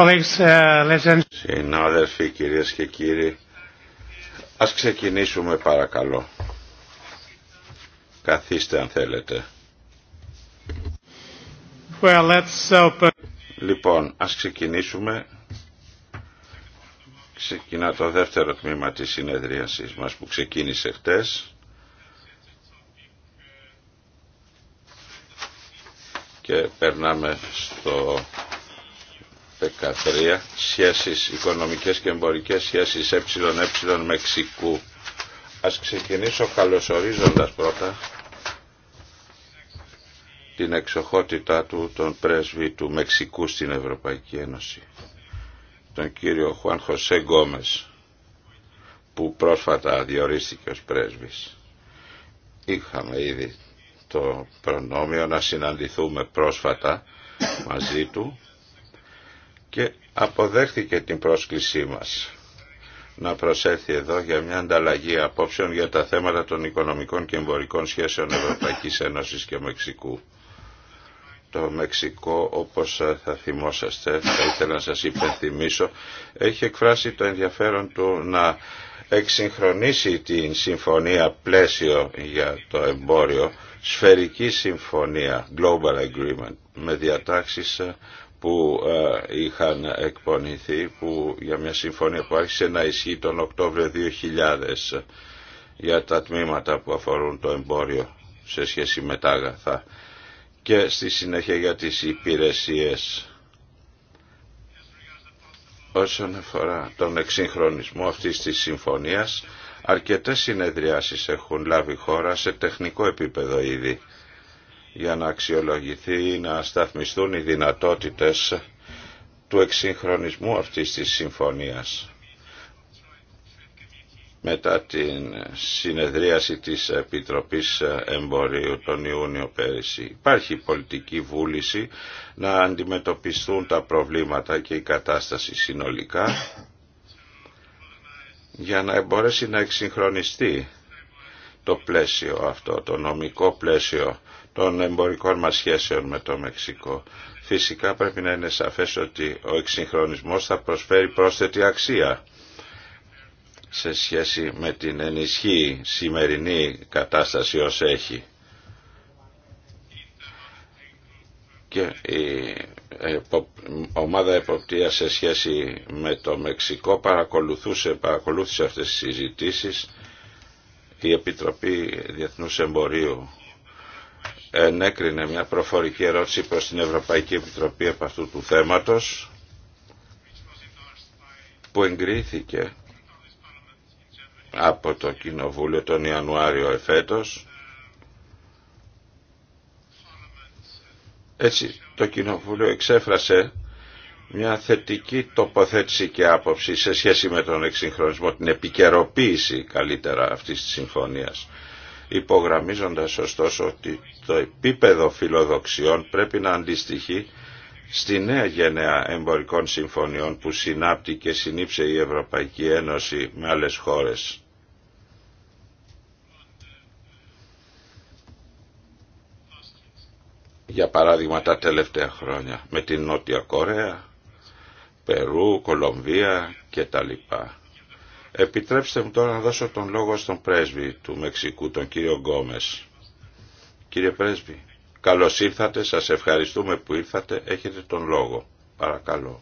Uh, Συνάδελφοι, κυρίες και κύριοι, ας ξεκινήσουμε παρακαλώ. Καθίστε αν θέλετε. Well, let's open. Λοιπόν, ας ξεκινήσουμε. Ξεκινά το δεύτερο τμήμα της συνεδρίασης μας που ξεκίνησε χτες. Και περνάμε στο 13 σχέσεις, οικονομικές και εμπορικές σχέσεις ΕΕ Μεξικού. Ας ξεκινήσω καλωσορίζοντα πρώτα την εξοχότητά του τον πρέσβη του Μεξικού στην Ευρωπαϊκή Ένωση, τον κύριο Χουάν Χωσέ Γκόμες, που πρόσφατα διορίστηκε ως πρέσβης. Είχαμε ήδη το προνόμιο να συναντηθούμε πρόσφατα μαζί του και αποδέχθηκε την πρόσκλησή μας να προσέλθει εδώ για μια ανταλλαγή απόψεων για τα θέματα των οικονομικών και εμπορικών σχέσεων Ευρωπαϊκής Ένωσης και Μεξικού. Το Μεξικό, όπως θα θυμόσαστε, θα ήθελα να σας υπενθυμίσω, έχει εκφράσει το ενδιαφέρον του να εξυγχρονίσει την συμφωνία πλαίσιο για το εμπόριο, σφαιρική συμφωνία, Global Agreement, με διατάξεις που ε, είχαν εκπονηθεί που για μια συμφωνία που άρχισε να ισχύει τον Οκτώβριο 2000 για τα τμήματα που αφορούν το εμπόριο σε σχέση με τα αγαθά και στη συνέχεια για τις υπηρεσίες όσον αφορά τον εξυγχρονισμό αυτής της συμφωνίας αρκετές συνεδριάσεις έχουν λάβει χώρα σε τεχνικό επίπεδο ήδη για να αξιολογηθεί, να σταθμιστούν οι δυνατότητες του εξυγχρονισμού αυτής της συμφωνίας. Μετά την συνεδρίαση της Επιτροπής Εμπορίου τον Ιούνιο πέρυσι υπάρχει πολιτική βούληση να αντιμετωπιστούν τα προβλήματα και η κατάσταση συνολικά για να μπορέσει να εξυγχρονιστεί το πλαίσιο αυτό, το νομικό πλαίσιο των εμπορικών μας σχέσεων με το Μεξικό. Φυσικά πρέπει να είναι σαφές ότι ο εξυγχρονισμός θα προσφέρει πρόσθετη αξία σε σχέση με την ενισχύ σημερινή κατάσταση ως έχει. Και η ομάδα εποπτείας σε σχέση με το Μεξικό παρακολουθούσε, παρακολούθησε αυτές τις συζητήσεις η Επιτροπή Διεθνούς Εμπορίου ενέκρινε μια προφορική ερώτηση προς την Ευρωπαϊκή Επιτροπή από αυτού του θέματος που εγκρίθηκε από το Κοινοβούλιο τον Ιανουάριο εφέτος. Έτσι το Κοινοβούλιο εξέφρασε μια θετική τοποθέτηση και άποψη σε σχέση με τον εξυγχρονισμό, την επικαιροποίηση καλύτερα αυτής της συμφωνίας υπογραμμίζοντας ωστόσο ότι το επίπεδο φιλοδοξιών πρέπει να αντιστοιχεί στη νέα γενεά εμπορικών συμφωνιών που συνάπτει και συνήψε η Ευρωπαϊκή Ένωση με άλλες χώρες. Για παράδειγμα τα τελευταία χρόνια με την Νότια Κορέα, Περού, Κολομβία και τα λοιπά. Επιτρέψτε μου τώρα να δώσω τον λόγο στον πρέσβη του Μεξικού, τον κύριο Γκόμες. Κύριε πρέσβη, καλώς ήρθατε, σας ευχαριστούμε που ήρθατε, έχετε τον λόγο. Παρακαλώ.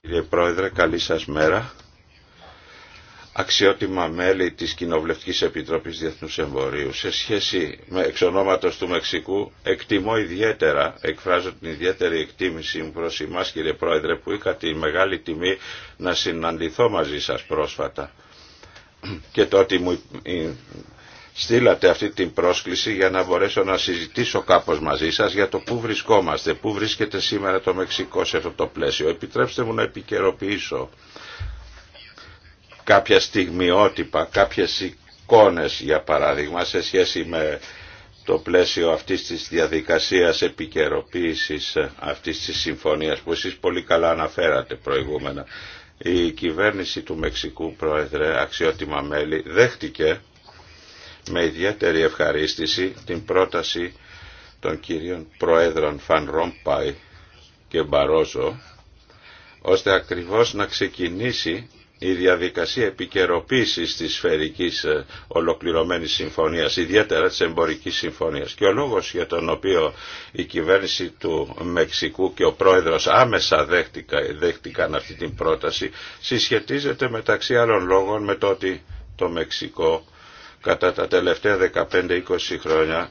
Κύριε Πρόεδρε, καλή σας μέρα. Αξιότιμα μέλη της Κοινοβουλευτικής Επιτροπής Διεθνούς Εμπορίου. Σε σχέση με εξ του Μεξικού, εκτιμώ ιδιαίτερα, εκφράζω την ιδιαίτερη εκτίμηση μου προς εμάς κύριε Πρόεδρε, που είχα τη μεγάλη τιμή να συναντηθώ μαζί σας πρόσφατα και το μου στείλατε αυτή την πρόσκληση για να μπορέσω να συζητήσω κάπως μαζί σας για το πού βρισκόμαστε, πού βρίσκεται σήμερα το Μεξικό σε αυτό το πλαίσιο. Επιτρέψτε μου να επικαιροποιήσω κάποια στιγμιότυπα, κάποιες εικόνες για παράδειγμα σε σχέση με το πλαίσιο αυτής της διαδικασίας επικαιροποίηση αυτής της συμφωνίας που εσείς πολύ καλά αναφέρατε προηγούμενα. Η κυβέρνηση του Μεξικού, Πρόεδρε, αξιότιμα μέλη, δέχτηκε με ιδιαίτερη ευχαρίστηση την πρόταση των κυρίων Προέδρων Φαν Ρόμπαϊ και Μπαρόζο ώστε ακριβώς να ξεκινήσει η διαδικασία επικαιροποίηση της σφαιρικής ε, ολοκληρωμένης συμφωνίας, ιδιαίτερα της εμπορικής συμφωνίας. Και ο λόγος για τον οποίο η κυβέρνηση του Μεξικού και ο πρόεδρος άμεσα δέχτηκαν αυτή την πρόταση, συσχετίζεται μεταξύ άλλων λόγων με το ότι το Μεξικό κατά τα τελευταία 15-20 χρόνια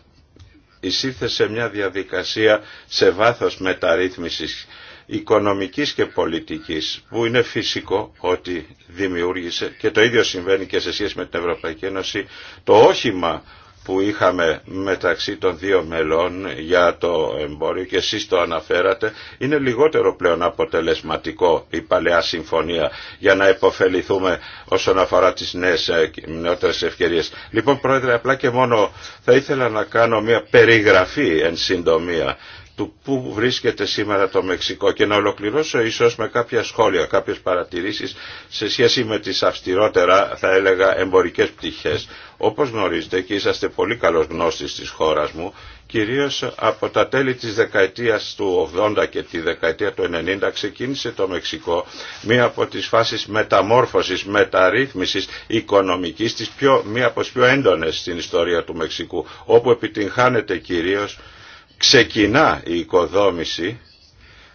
εισήλθε σε μια διαδικασία σε βάθος μεταρρύθμισης οικονομικής και πολιτικής που είναι φυσικό ότι δημιούργησε και το ίδιο συμβαίνει και σε σχέση με την Ευρωπαϊκή Ένωση το όχημα που είχαμε μεταξύ των δύο μελών για το εμπόριο και εσείς το αναφέρατε είναι λιγότερο πλέον αποτελεσματικό η παλαιά συμφωνία για να υποφεληθούμε όσον αφορά τις νέες ε, νεότερες ευκαιρίες. Λοιπόν Πρόεδρε απλά και μόνο θα ήθελα να κάνω μια περιγραφή εν συντομία του πού βρίσκεται σήμερα το Μεξικό και να ολοκληρώσω ίσως με κάποια σχόλια, κάποιες παρατηρήσεις σε σχέση με τις αυστηρότερα θα έλεγα εμπορικές πτυχές. Όπως γνωρίζετε και είσαστε πολύ καλός γνώστης της χώρας μου, κυρίως από τα τέλη της δεκαετίας του 80 και τη δεκαετία του 90 ξεκίνησε το Μεξικό μία από τις φάσεις μεταμόρφωσης, μεταρρύθμισης οικονομικής, πιο, μία από τις πιο έντονες στην ιστορία του Μεξικού, όπου επιτυγχάνεται κυρίως ξεκινά η οικοδόμηση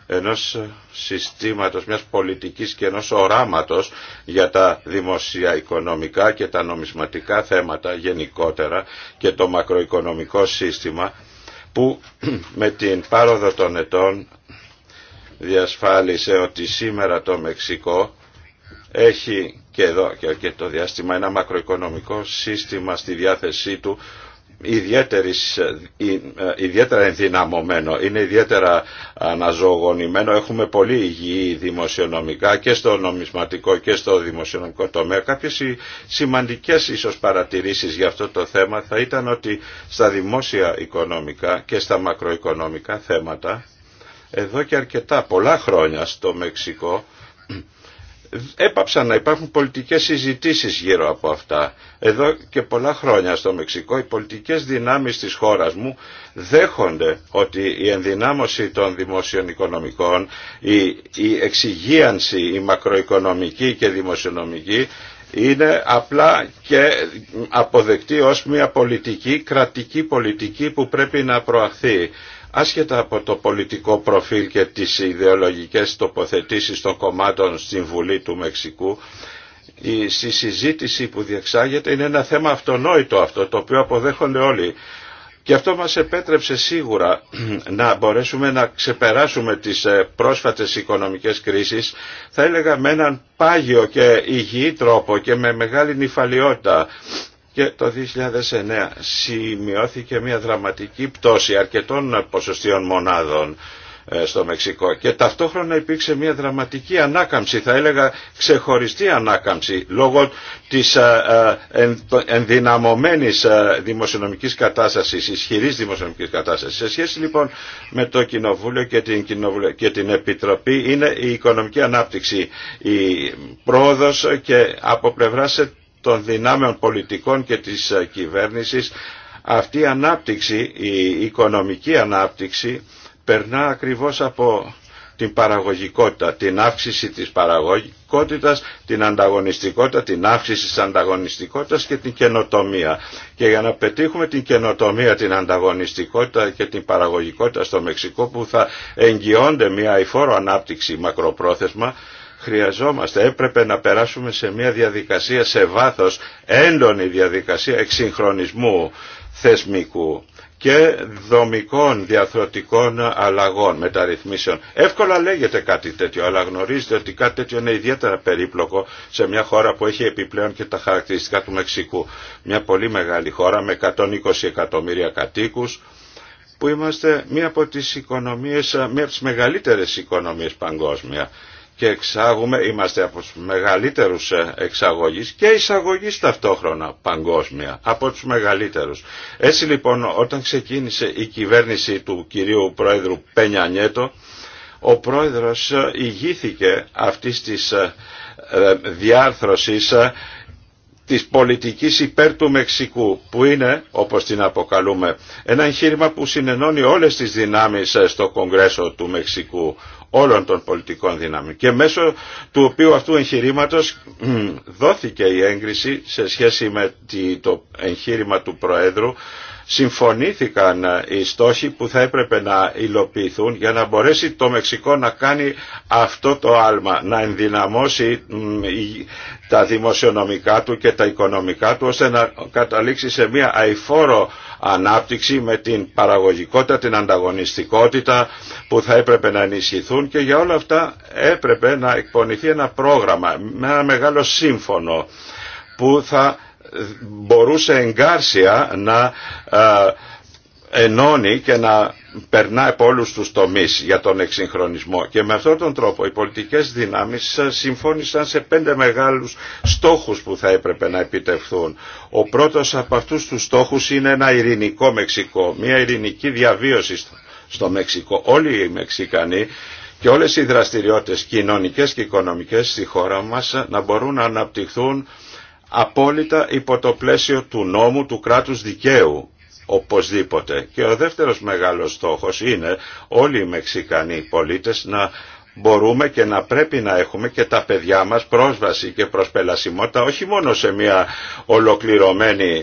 ενός συστήματος, μιας πολιτικής και ενός οράματος για τα δημοσία οικονομικά και τα νομισματικά θέματα γενικότερα και το μακροοικονομικό σύστημα που με την πάροδο των ετών διασφάλισε ότι σήμερα το Μεξικό έχει και εδώ και το διάστημα ένα μακροοικονομικό σύστημα στη διάθεσή του ε, ιδιαίτερα ενδυναμωμένο, είναι ιδιαίτερα αναζωογονημένο. Έχουμε πολύ υγιή δημοσιονομικά και στο νομισματικό και στο δημοσιονομικό τομέα. Κάποιες σημαντικές ίσως παρατηρήσεις για αυτό το θέμα θα ήταν ότι στα δημόσια οικονομικά και στα μακροοικονομικά θέματα εδώ και αρκετά πολλά χρόνια στο Μεξικό έπαψαν να υπάρχουν πολιτικές συζητήσεις γύρω από αυτά. Εδώ και πολλά χρόνια στο Μεξικό οι πολιτικές δυνάμεις της χώρας μου δέχονται ότι η ενδυνάμωση των δημοσίων οικονομικών, η, η εξυγίανση, η μακροοικονομική και δημοσιονομική είναι απλά και αποδεκτή ως μια πολιτική, κρατική πολιτική που πρέπει να προαχθεί. Άσχετα από το πολιτικό προφίλ και τις ιδεολογικές τοποθετήσεις των κομμάτων στην Βουλή του Μεξικού, η συζήτηση που διεξάγεται είναι ένα θέμα αυτονόητο αυτό, το οποίο αποδέχονται όλοι. Και αυτό μας επέτρεψε σίγουρα να μπορέσουμε να ξεπεράσουμε τις ε, πρόσφατες οικονομικές κρίσεις, θα έλεγα με έναν πάγιο και υγιή τρόπο και με μεγάλη νυφαλιότητα και το 2009 σημειώθηκε μια δραματική πτώση αρκετών ποσοστιών μονάδων ε, στο Μεξικό και ταυτόχρονα υπήρξε μια δραματική ανάκαμψη θα έλεγα ξεχωριστή ανάκαμψη λόγω της ε, ε, ενδυναμωμένης δημοσιονομικής κατάστασης ισχυρής δημοσιονομικής κατάστασης σε σχέση λοιπόν με το Κοινοβούλιο και την, και την Επιτροπή είναι η οικονομική ανάπτυξη η πρόοδος και από πλευράς των δυνάμεων πολιτικών και της ε, κυβέρνησης αυτή η ανάπτυξη, η οικονομική ανάπτυξη περνά ακριβώς από την παραγωγικότητα, την αύξηση της παραγωγικότητας, την ανταγωνιστικότητα, την αύξηση της ανταγωνιστικότητας και την καινοτομία. Και για να πετύχουμε την καινοτομία, την ανταγωνιστικότητα και την παραγωγικότητα στο Μεξικό που θα εγγυώνται μια υφόρο ανάπτυξη μακροπρόθεσμα, χρειαζόμαστε, έπρεπε να περάσουμε σε μια διαδικασία σε βάθος, έντονη διαδικασία εξυγχρονισμού θεσμικού και δομικών διαθροτικών αλλαγών, μεταρρυθμίσεων. Εύκολα λέγεται κάτι τέτοιο, αλλά γνωρίζετε ότι κάτι τέτοιο είναι ιδιαίτερα περίπλοκο σε μια χώρα που έχει επιπλέον και τα χαρακτηριστικά του Μεξικού. Μια πολύ μεγάλη χώρα με 120 εκατομμύρια κατοίκους, που είμαστε μία από τις οικονομίες, μία από τις μεγαλύτερες οικονομίες παγκόσμια και εξάγουμε, είμαστε από τους μεγαλύτερους ε, εξαγωγείς και εισαγωγείς ταυτόχρονα παγκόσμια, από τους μεγαλύτερους. Έτσι λοιπόν όταν ξεκίνησε η κυβέρνηση του κυρίου Πρόεδρου Πένια ο Πρόεδρος ε, ηγήθηκε αυτής της ε, διάρθρωσης της πολιτικής υπέρ του Μεξικού που είναι όπως την αποκαλούμε ένα εγχείρημα που συνενώνει όλες τις δυνάμεις στο Κογκρέσο του Μεξικού όλων των πολιτικών δυνάμεων και μέσω του οποίου αυτού εγχειρήματο δόθηκε η έγκριση σε σχέση με το εγχείρημα του Προέδρου συμφωνήθηκαν ε, οι στόχοι που θα έπρεπε να υλοποιηθούν για να μπορέσει το Μεξικό να κάνει αυτό το άλμα, να ενδυναμώσει τα δημοσιονομικά του και τα οικονομικά του ώστε να καταλήξει σε μια αηφόρο ανάπτυξη με την παραγωγικότητα, την ανταγωνιστικότητα που θα έπρεπε να ενισχυθούν και για όλα αυτά έπρεπε να εκπονηθεί ένα πρόγραμμα με ένα μεγάλο σύμφωνο που θα μπορούσε εγκάρσια να ε, ενώνει και να περνά από όλους τους τομείς για τον εξυγχρονισμό. Και με αυτόν τον τρόπο οι πολιτικές δυνάμεις συμφώνησαν σε πέντε μεγάλους στόχους που θα έπρεπε να επιτευχθούν. Ο πρώτος από αυτούς τους στόχους είναι ένα ειρηνικό Μεξικό, μια ειρηνική διαβίωση στο Μεξικό. Όλοι οι Μεξικανοί και όλες οι δραστηριότητες κοινωνικές και οικονομικές στη χώρα μας να μπορούν να αναπτυχθούν απόλυτα υπό το πλαίσιο του νόμου του κράτους δικαίου οπωσδήποτε. Και ο δεύτερος μεγάλος στόχος είναι όλοι οι Μεξικανοί πολίτες να μπορούμε και να πρέπει να έχουμε και τα παιδιά μας πρόσβαση και προσπελασιμότητα όχι μόνο σε μια ολοκληρωμένη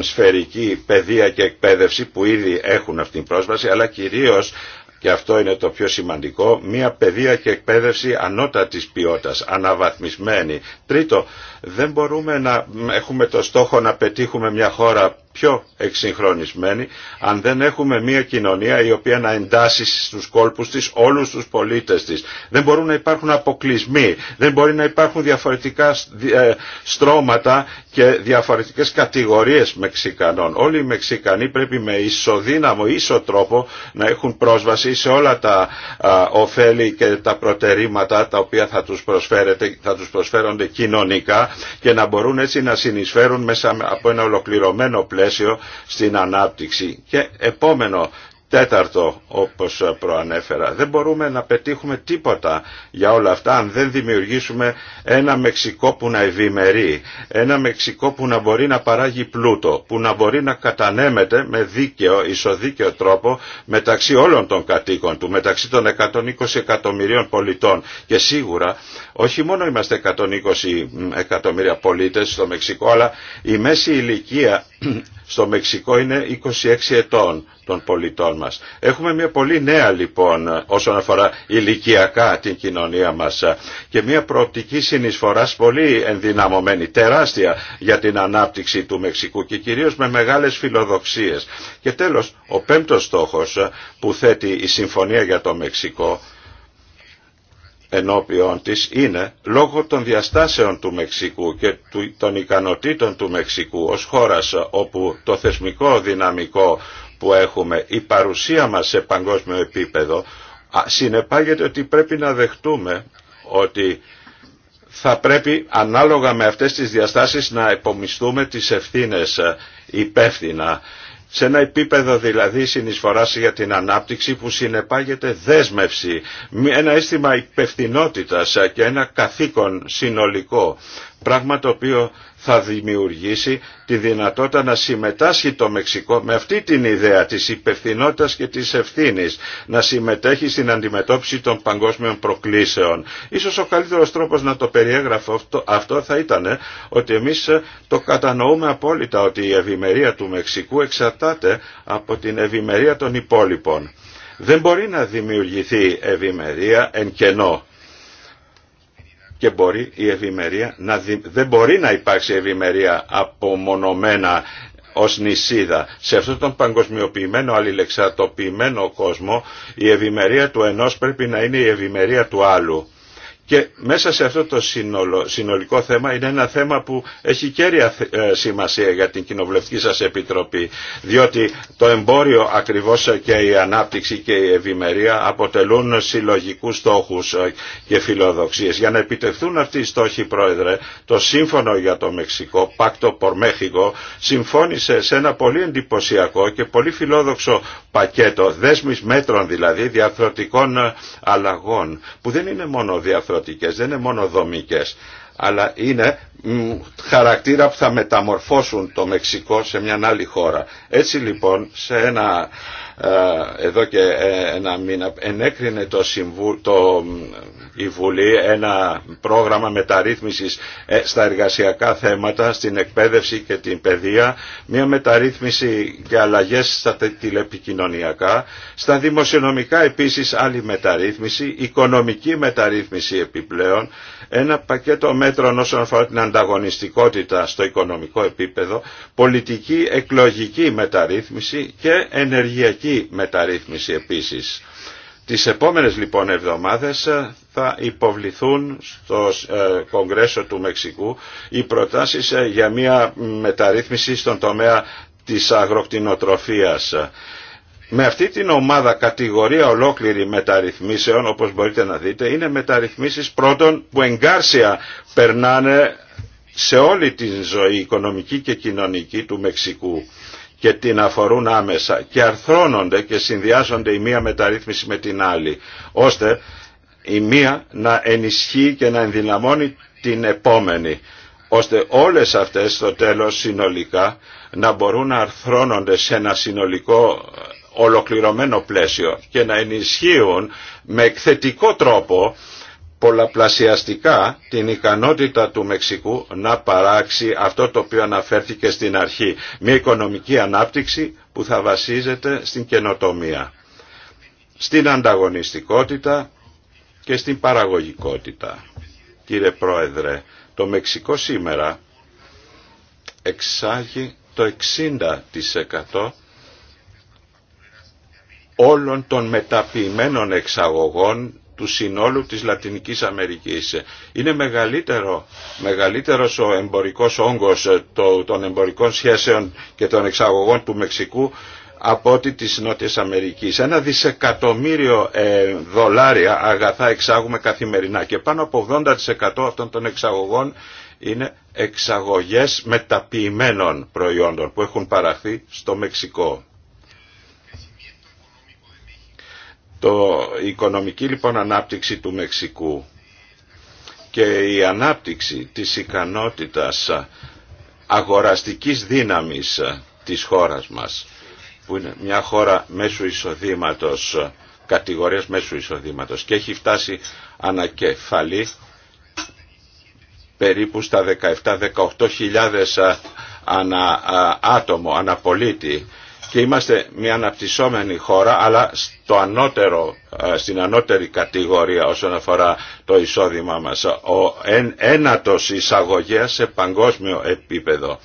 σφαιρική παιδεία και εκπαίδευση που ήδη έχουν αυτήν την πρόσβαση αλλά κυρίως και αυτό είναι το πιο σημαντικό, μια παιδεία και εκπαίδευση ανώτατης ποιότητας, αναβαθμισμένη. Τρίτο, δεν μπορούμε να έχουμε το στόχο να πετύχουμε μια χώρα πιο εξυγχρονισμένη αν δεν έχουμε μια κοινωνία η οποία να εντάσσει στους κόλπους της όλους τους πολίτες της. Δεν μπορούν να υπάρχουν αποκλεισμοί, δεν μπορεί να υπάρχουν διαφορετικά ε, στρώματα και διαφορετικές κατηγορίες Μεξικανών. Όλοι οι Μεξικανοί πρέπει με ισοδύναμο, ίσο τρόπο να έχουν πρόσβαση σε όλα τα ωφέλη και τα προτερήματα τα οποία θα τους, θα τους προσφέρονται κοινωνικά και να μπορούν έτσι να συνεισφέρουν μέσα από ένα ολοκληρωμένο πλαίσιο στην ανάπτυξη. Και επόμενο Τέταρτο, όπως προανέφερα, δεν μπορούμε να πετύχουμε τίποτα για όλα αυτά αν δεν δημιουργήσουμε ένα Μεξικό που να ευημερεί, ένα Μεξικό που να μπορεί να παράγει πλούτο, που να μπορεί να κατανέμεται με δίκαιο, ισοδίκαιο τρόπο μεταξύ όλων των κατοίκων του, μεταξύ των 120 εκατομμυρίων πολιτών. Και σίγουρα όχι μόνο είμαστε 120 εκατομμύρια πολίτες στο Μεξικό, αλλά η μέση ηλικία στο Μεξικό είναι 26 ετών των πολιτών μας. Έχουμε μια πολύ νέα λοιπόν όσον αφορά ηλικιακά την κοινωνία μας και μια προοπτική συνεισφοράς πολύ ενδυναμωμένη, τεράστια για την ανάπτυξη του Μεξικού και κυρίως με μεγάλες φιλοδοξίες. Και τέλος, ο πέμπτος στόχος που θέτει η Συμφωνία για το Μεξικό ενώπιον της είναι λόγω των διαστάσεων του Μεξικού και των ικανοτήτων του Μεξικού ως χώρας όπου το θεσμικό δυναμικό που έχουμε, η παρουσία μας σε παγκόσμιο επίπεδο, συνεπάγεται ότι πρέπει να δεχτούμε ότι θα πρέπει ανάλογα με αυτές τις διαστάσεις να επομισθούμε τις ευθύνες ε, υπεύθυνα σε ένα επίπεδο δηλαδή συνεισφοράς για την ανάπτυξη που συνεπάγεται δέσμευση, ένα αίσθημα υπευθυνότητας και ένα καθήκον συνολικό, πράγμα το οποίο θα δημιουργήσει τη δυνατότητα να συμμετάσχει το Μεξικό με αυτή την ιδέα της υπευθυνότητας και της ευθύνης, να συμμετέχει στην αντιμετώπιση των παγκόσμιων προκλήσεων. Ίσως ο καλύτερος τρόπος να το περιέγραφω αυτό θα ήταν ε, ότι εμείς ε, το κατανοούμε απόλυτα ότι η ευημερία του Μεξικού εξαρτάται από την ευημερία των υπόλοιπων. Δεν μπορεί να δημιουργηθεί ευημερία εν κενό και μπορεί η ευημερία να δεν μπορεί να υπάρξει ευημερία απομονωμένα ως νησίδα. Σε αυτόν τον παγκοσμιοποιημένο, αλληλεξατοποιημένο κόσμο η ευημερία του ενός πρέπει να είναι η ευημερία του άλλου. Και μέσα σε αυτό το συνολικό θέμα είναι ένα θέμα που έχει κέρια ε, σημασία για την κοινοβουλευτική σας επιτροπή. Διότι το εμπόριο ακριβώς και η ανάπτυξη και η ευημερία αποτελούν συλλογικούς στόχους ε, και φιλοδοξίες. Για να επιτευχθούν αυτοί οι στόχοι, Πρόεδρε, το Σύμφωνο για το Μεξικό, Πάκτο Πορμέχικο, συμφώνησε σε ένα πολύ εντυπωσιακό και πολύ φιλόδοξο πακέτο, δέσμης μέτρων δηλαδή, διαρθρωτικών ε, αλλαγών, που δεν είναι μόνο δεν είναι μόνο δομικές, αλλά είναι χαρακτήρα που θα μεταμορφώσουν το Μεξικό σε μια άλλη χώρα. Έτσι λοιπόν σε ένα ε, εδώ και ε, ένα μήνα ενέκρινε το, Συμβου... το... η Βουλή ένα πρόγραμμα μεταρρύθμισης ε, στα εργασιακά θέματα, στην εκπαίδευση και την παιδεία, μια μεταρρύθμιση και αλλαγές στα τηλεπικοινωνιακά, στα δημοσιονομικά επίσης άλλη μεταρρύθμιση, οικονομική μεταρρύθμιση επιπλέον, ένα πακέτο μέτρων όσον αφορά την ανταγωνιστικότητα στο οικονομικό επίπεδο, πολιτική εκλογική μεταρρύθμιση και ενεργειακή ή μεταρρύθμιση επίσης. Τις επόμενες λοιπόν εβδομάδες ε, θα υποβληθούν στο ε, Κογκρέσο του Μεξικού οι προτάσεις ε, για μια μεταρρύθμιση στον τομέα της αγροκτηνοτροφίας. Με αυτή την ομάδα κατηγορία ολόκληρη μεταρρυθμίσεων, όπως μπορείτε να δείτε, είναι μεταρρυθμίσεις πρώτων που εγκάρσια περνάνε σε όλη την ζωή οικονομική και κοινωνική του Μεξικού και την αφορούν άμεσα και αρθρώνονται και συνδυάζονται η μία μεταρρύθμιση με την άλλη, ώστε η μία να ενισχύει και να ενδυναμώνει την επόμενη, ώστε όλες αυτές στο τέλος συνολικά να μπορούν να αρθρώνονται σε ένα συνολικό ε, ολοκληρωμένο πλαίσιο και να ενισχύουν με εκθετικό τρόπο πολλαπλασιαστικά την ικανότητα του Μεξικού να παράξει αυτό το οποίο αναφέρθηκε στην αρχή. Μια οικονομική ανάπτυξη που θα βασίζεται στην καινοτομία, στην ανταγωνιστικότητα και στην παραγωγικότητα. Κύριε Πρόεδρε, το Μεξικό σήμερα εξάγει το 60% όλων των μεταποιημένων εξαγωγών του συνόλου της Λατινικής Αμερικής. Είναι μεγαλύτερο, μεγαλύτερος ο εμπορικός όγκος των εμπορικών σχέσεων και των εξαγωγών του Μεξικού από ό,τι της Νότιας Αμερικής. Ένα δισεκατομμύριο ε, δολάρια αγαθά εξάγουμε καθημερινά και πάνω από 80% αυτών των εξαγωγών είναι εξαγωγές μεταποιημένων προϊόντων που έχουν παραχθεί στο Μεξικό. Το η οικονομική λοιπόν ανάπτυξη του Μεξικού και η ανάπτυξη της ικανότητας αγοραστικής δύναμης της χώρας μας που είναι μια χώρα μέσου εισοδήματος κατηγορίας μέσου εισοδήματος και έχει φτάσει ανακεφαλή περίπου στα 17-18 χιλιάδες ε, ανα ε, άτομο, αναπολίτη και είμαστε μια αναπτυσσόμενη χώρα αλλά στο ανώτερο, ε, στην ανώτερη κατηγορία όσον αφορά το εισόδημά μας. Ο ένατος εισαγωγέας σε παγκόσμιο επίπεδο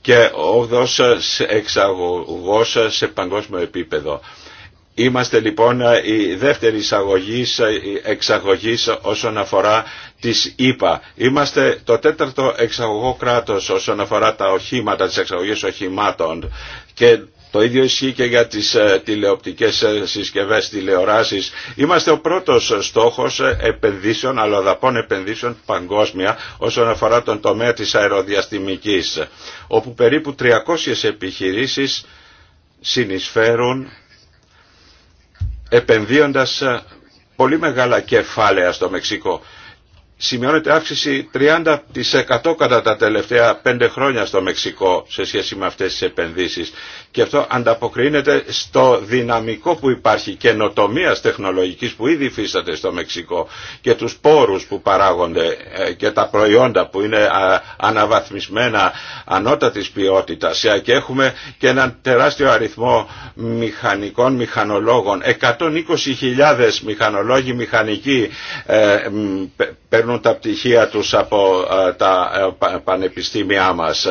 και όδος εξαγωγός σε παγκόσμιο επίπεδο. Είμαστε λοιπόν η δεύτερη εισαγωγή, εξαγωγής όσον αφορά τις ΕΠΑ. Είμαστε το τέταρτο εξαγωγό κράτος όσον αφορά τα οχήματα, τις εξαγωγές οχημάτων και το ίδιο ισχύει και για τις ε, τηλεοπτικές ε, συσκευές τηλεοράσεις. Είμαστε ο πρώτος στόχος ε, επενδύσεων, αλλοδαπών επενδύσεων παγκόσμια όσον αφορά τον τομέα της αεροδιαστημικής, όπου περίπου 300 επιχειρήσεις συνεισφέρουν επενδύοντας πολύ μεγάλα κεφάλαια στο Μεξικό. Σημειώνεται αύξηση 30% κατά τα τελευταία 5 χρόνια στο Μεξικό σε σχέση με αυτές τις επενδύσεις και αυτό ανταποκρίνεται στο δυναμικό που υπάρχει καινοτομία τεχνολογικής που ήδη υφίσταται στο Μεξικό και τους πόρους που παράγονται ε, και τα προϊόντα που είναι αναβαθμισμένα ανώτατης ποιότητας ε, και έχουμε και έναν τεράστιο αριθμό μηχανικών μηχανολόγων 120.000 μηχανολόγοι μηχανικοί ε, παίρνουν τα πτυχία τους από τα πανεπιστήμια μας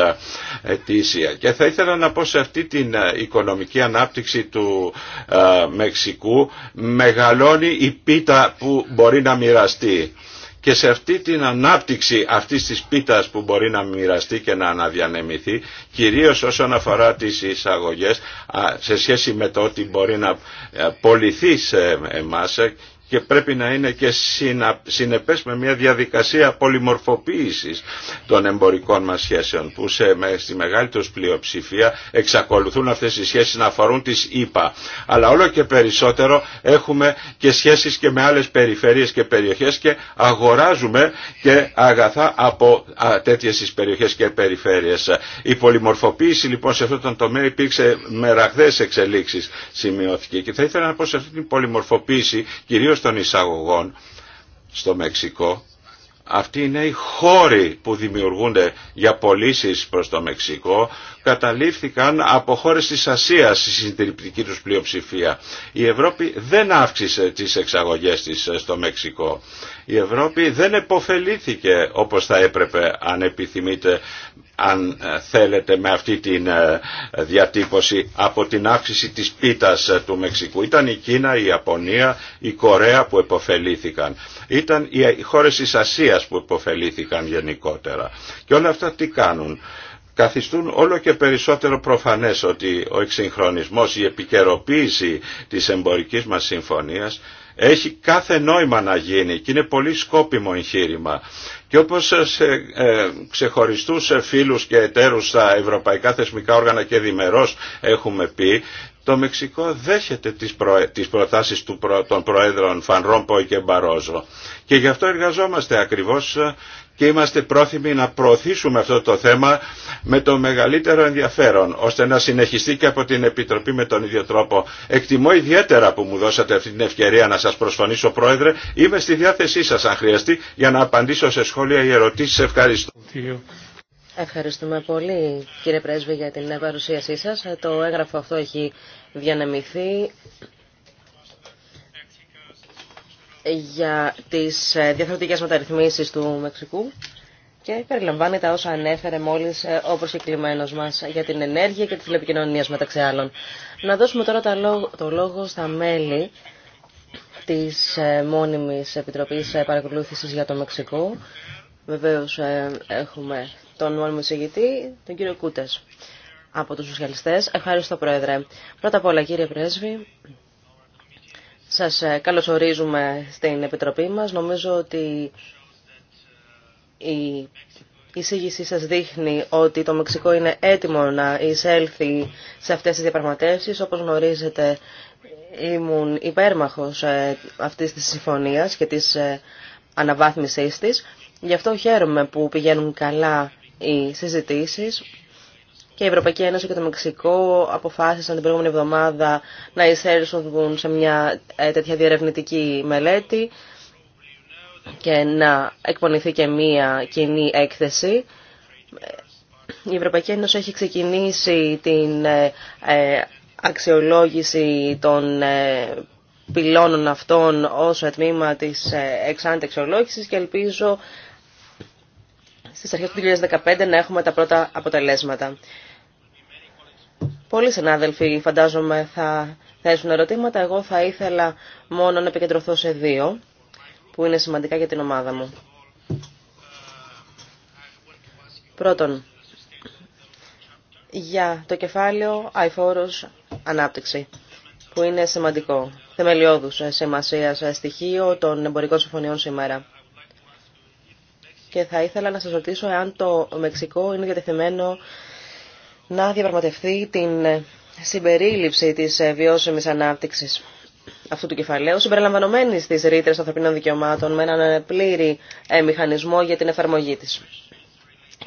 και θα ήθελα να πω σε αυτή την την ε, οικονομική ανάπτυξη του ε, Μεξικού μεγαλώνει η πίτα που μπορεί να μοιραστεί. Και σε αυτή την ανάπτυξη αυτής της πίτας που μπορεί να μοιραστεί και να αναδιανεμηθεί, κυρίως όσον αφορά τις εισαγωγές, σε σχέση με το ότι μπορεί να ε, πολιθεί σε εμάς και πρέπει να είναι και συνεπές με μια διαδικασία πολυμορφοποίησης των εμπορικών μας σχέσεων που σε, στη μεγάλη του πλειοψηφία εξακολουθούν αυτές οι σχέσεις να αφορούν τις ΗΠΑ. Αλλά όλο και περισσότερο έχουμε και σχέσεις και με άλλες περιφερειέ και περιοχές και αγοράζουμε και αγαθά από τέτοιε τέτοιες περιοχέ περιοχές και περιφέρειες. Η πολυμορφοποίηση λοιπόν σε αυτό το τομέα υπήρξε με ραγδαίες εξελίξεις σημειώθηκε και θα ήθελα να πω σε αυτή την πολυμορφοποίηση κυρίως των εισαγωγών στο Μεξικό, αυτοί είναι οι χώροι που δημιουργούνται για πωλήσει προς το Μεξικό καταλήφθηκαν από χώρες της Ασίας στη συντηρητική τους πλειοψηφία. Η Ευρώπη δεν αύξησε τις εξαγωγές της ε, στο Μεξικό. Η Ευρώπη δεν επωφελήθηκε όπως θα έπρεπε αν επιθυμείτε, αν ε, θέλετε με αυτή τη ε, διατύπωση από την αύξηση της πίτας του Μεξικού. Ήταν η Κίνα, η Ιαπωνία, η Κορέα που επωφελήθηκαν. Ήταν οι χώρες της Ασίας που επωφελήθηκαν γενικότερα. Και όλα αυτά τι κάνουν καθιστούν όλο και περισσότερο προφανές ότι ο εξυγχρονισμός, η επικαιροποίηση της εμπορικής μας συμφωνίας έχει κάθε νόημα να γίνει και είναι πολύ σκόπιμο εγχείρημα. Και όπως σε ε, ξεχωριστούς φίλους και εταίρους στα ευρωπαϊκά θεσμικά όργανα και διμερός έχουμε πει, το Μεξικό δέχεται τις, προ... προτάσεις του των Προέδρων Φαν και Μπαρόζο. Και γι' αυτό εργαζόμαστε ακριβώς ε, και είμαστε πρόθυμοι να προωθήσουμε αυτό το θέμα με το μεγαλύτερο ενδιαφέρον, ώστε να συνεχιστεί και από την Επιτροπή με τον ίδιο τρόπο. Εκτιμώ ιδιαίτερα που μου δώσατε αυτή την ευκαιρία να σας προσφωνήσω, Πρόεδρε. Είμαι στη διάθεσή σας, αν χρειαστεί, για να απαντήσω σε σχόλια ή ερωτήσεις. Ευχαριστώ. Ευχαριστούμε πολύ κύριε Πρέσβη για την παρουσίασή σας. Το έγγραφο αυτό έχει διανεμηθεί για τις διαφορετικές μεταρρυθμίσεις του Μεξικού και περιλαμβάνει τα όσα ανέφερε μόλις ε, ο προσκεκλημένος μας για την ενέργεια και τη τηλεπικοινωνία μεταξύ άλλων. Να δώσουμε τώρα το λόγο στα μέλη της ε, μόνιμης Επιτροπής ε, Παρακολούθησης για το Μεξικό. Βεβαίως έχουμε τον νόμιμο εισηγητή, τον κύριο από τους Σοσιαλιστές. Ευχαριστώ, Πρόεδρε. Πρώτα απ' όλα, κύριε Πρέσβη, σα ε, καλωσορίζουμε στην Επιτροπή μας. Νομίζω ότι η εισήγησή σα δείχνει ότι το Μεξικό είναι έτοιμο να εισέλθει σε αυτές τις διαπραγματεύσεις. Όπως γνωρίζετε, ήμουν υπέρμαχο ε, αυτή τη συμφωνία και τη ε, αναβάθμιση τη. Γι' αυτό χαίρομαι που πηγαίνουν καλά οι συζητήσεις και η Ευρωπαϊκή Ένωση και το Μεξικό αποφάσισαν την προηγούμενη εβδομάδα να εισέλθουν σε μια ε, τέτοια διερευνητική μελέτη και να εκπονηθεί και μία κοινή έκθεση. Η Ευρωπαϊκή Ένωση έχει ξεκινήσει την ε, ε, αξιολόγηση των πυλώνων αυτών ως τμήμα της αξιολόγησης και ελπίζω στις αρχές του 2015 να έχουμε τα πρώτα αποτελέσματα. Πολλοί συνάδελφοι φαντάζομαι θα θέσουν ερωτήματα. Εγώ θα ήθελα μόνο να επικεντρωθώ σε δύο που είναι σημαντικά για την ομάδα μου. Πρώτον, για το κεφάλαιο αϊφόρος ανάπτυξη, που είναι σημαντικό, θεμελιώδους σημασία στοιχείο των εμπορικών συμφωνιών σήμερα και θα ήθελα να σας ρωτήσω εάν το Μεξικό είναι διατεθειμένο να διαπραγματευτεί την συμπερίληψη της βιώσιμης ανάπτυξης αυτού του κεφαλαίου, συμπεριλαμβανομένη στις Ρητρε των ανθρωπίνων δικαιωμάτων, με έναν πλήρη ε, μηχανισμό για την εφαρμογή τη.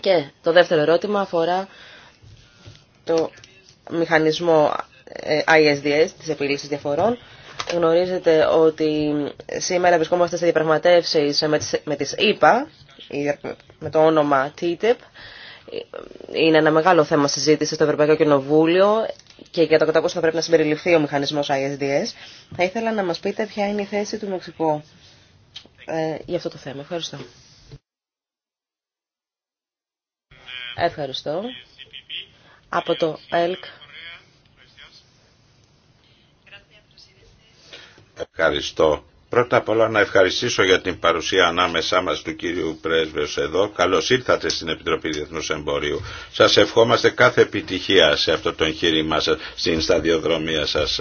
Και το δεύτερο ερώτημα αφορά το μηχανισμό ε, ISDS, της επίλυση διαφορών. Γνωρίζετε ότι σήμερα βρισκόμαστε σε διαπραγματεύσεις με τις ΕΠΑ με το όνομα TTIP. Είναι ένα μεγάλο θέμα συζήτηση στο Ευρωπαϊκό Κοινοβούλιο και για το κατά πόσο θα πρέπει να συμπεριληφθεί ο μηχανισμός ISDS. Θα ήθελα να μας πείτε ποια είναι η θέση του Μεξικού ε, για αυτό το θέμα. Ευχαριστώ. Ευχαριστώ. Από το ΕΛΚ. Ευχαριστώ Πρώτα απ' όλα να ευχαριστήσω για την παρουσία ανάμεσά μας του κύριου Πρέσβεως εδώ. Καλώς ήρθατε στην Επιτροπή Διεθνούς Εμπορίου. Σας ευχόμαστε κάθε επιτυχία σε αυτό το εγχείρημά σας, στην σταδιοδρομία σας.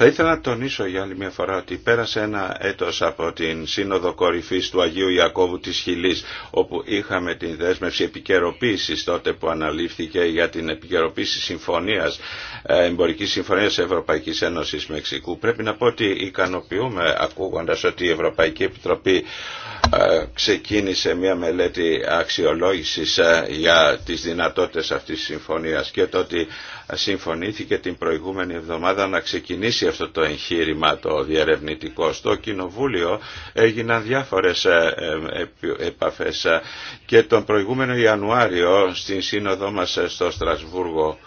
Θα ήθελα να τονίσω για άλλη μια φορά ότι πέρασε ένα έτος από την Σύνοδο Κορυφής του Αγίου Ιακώβου της Χιλής, όπου είχαμε την δέσμευση επικαιροποίηση τότε που αναλήφθηκε για την επικαιροποίηση συμφωνίας, ε, εμπορικής συμφωνίας Ευρωπαϊκής Ένωσης Μεξικού. Πρέπει να πω ότι ικανοποιούμε, λέγοντας ότι η Ευρωπαϊκή Επιτροπή ε, ξεκίνησε μια μελέτη αξιολόγησης ε, για τις δυνατότητες αυτής της συμφωνίας και το ότι συμφωνήθηκε την προηγούμενη εβδομάδα να ξεκινήσει αυτό το εγχείρημα το διερευνητικό στο Κοινοβούλιο έγιναν διάφορες ε, επαφές και τον προηγούμενο Ιανουάριο στην σύνοδό μας στο Στρασβούργο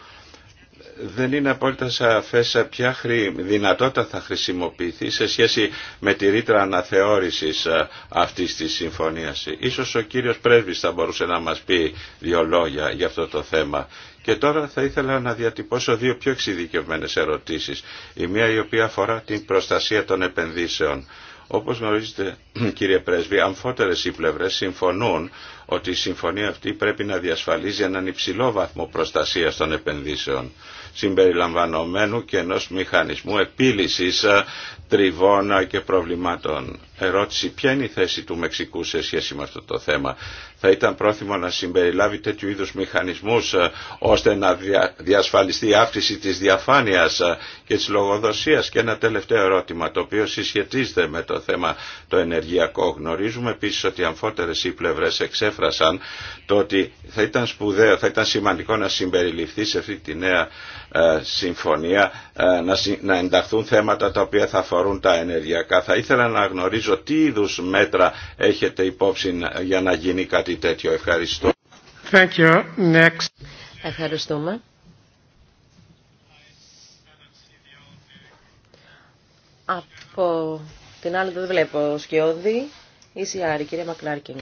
δεν είναι απόλυτα σαφές ποια δυνατότητα θα χρησιμοποιηθεί σε σχέση με τη ρήτρα αναθεώρησης ε, αυτή της συμφωνίας. Ίσως ο κύριος Πρέσβης θα μπορούσε να μας πει δύο λόγια για αυτό το θέμα. Και τώρα θα ήθελα να διατυπώσω δύο πιο εξειδικευμένε ερωτήσεις. Η μία η οποία αφορά την προστασία των επενδύσεων. Όπως γνωρίζετε κύριε Πρέσβη, αμφότερες οι πλευρές συμφωνούν ότι η συμφωνία αυτή πρέπει να διασφαλίζει έναν υψηλό βαθμό προστασίας των επενδύσεων συμπεριλαμβανομένου και ενός μηχανισμού επίλυσης ε, τριβών ε, και προβλημάτων ερώτηση ποια είναι η θέση του Μεξικού σε σχέση με αυτό το θέμα. Θα ήταν πρόθυμο να συμπεριλάβει τέτοιου είδου μηχανισμούς ε, ώστε να διασφαλιστεί η αύξηση της διαφάνειας ε, και της λογοδοσίας. Και ένα τελευταίο ερώτημα το οποίο συσχετίζεται με το θέμα το ενεργειακό. Γνωρίζουμε επίσης ότι αμφότερες οι πλευρές εξέφρασαν το ότι θα ήταν σπουδαίο, θα ήταν σημαντικό να συμπεριληφθεί σε αυτή τη νέα ε, συμφωνία να ενταχθούν θέματα τα οποία θα αφορούν τα ενεργειακά. Θα ήθελα να γνωρίζω ρωτήσω τι είδου μέτρα έχετε υπόψη για να γίνει κάτι τέτοιο. Ευχαριστώ. Thank you. Next. Ευχαριστούμε. Από την άλλη δεν βλέπω σκιώδη. Η άρη κύριε Μακλάρκιν.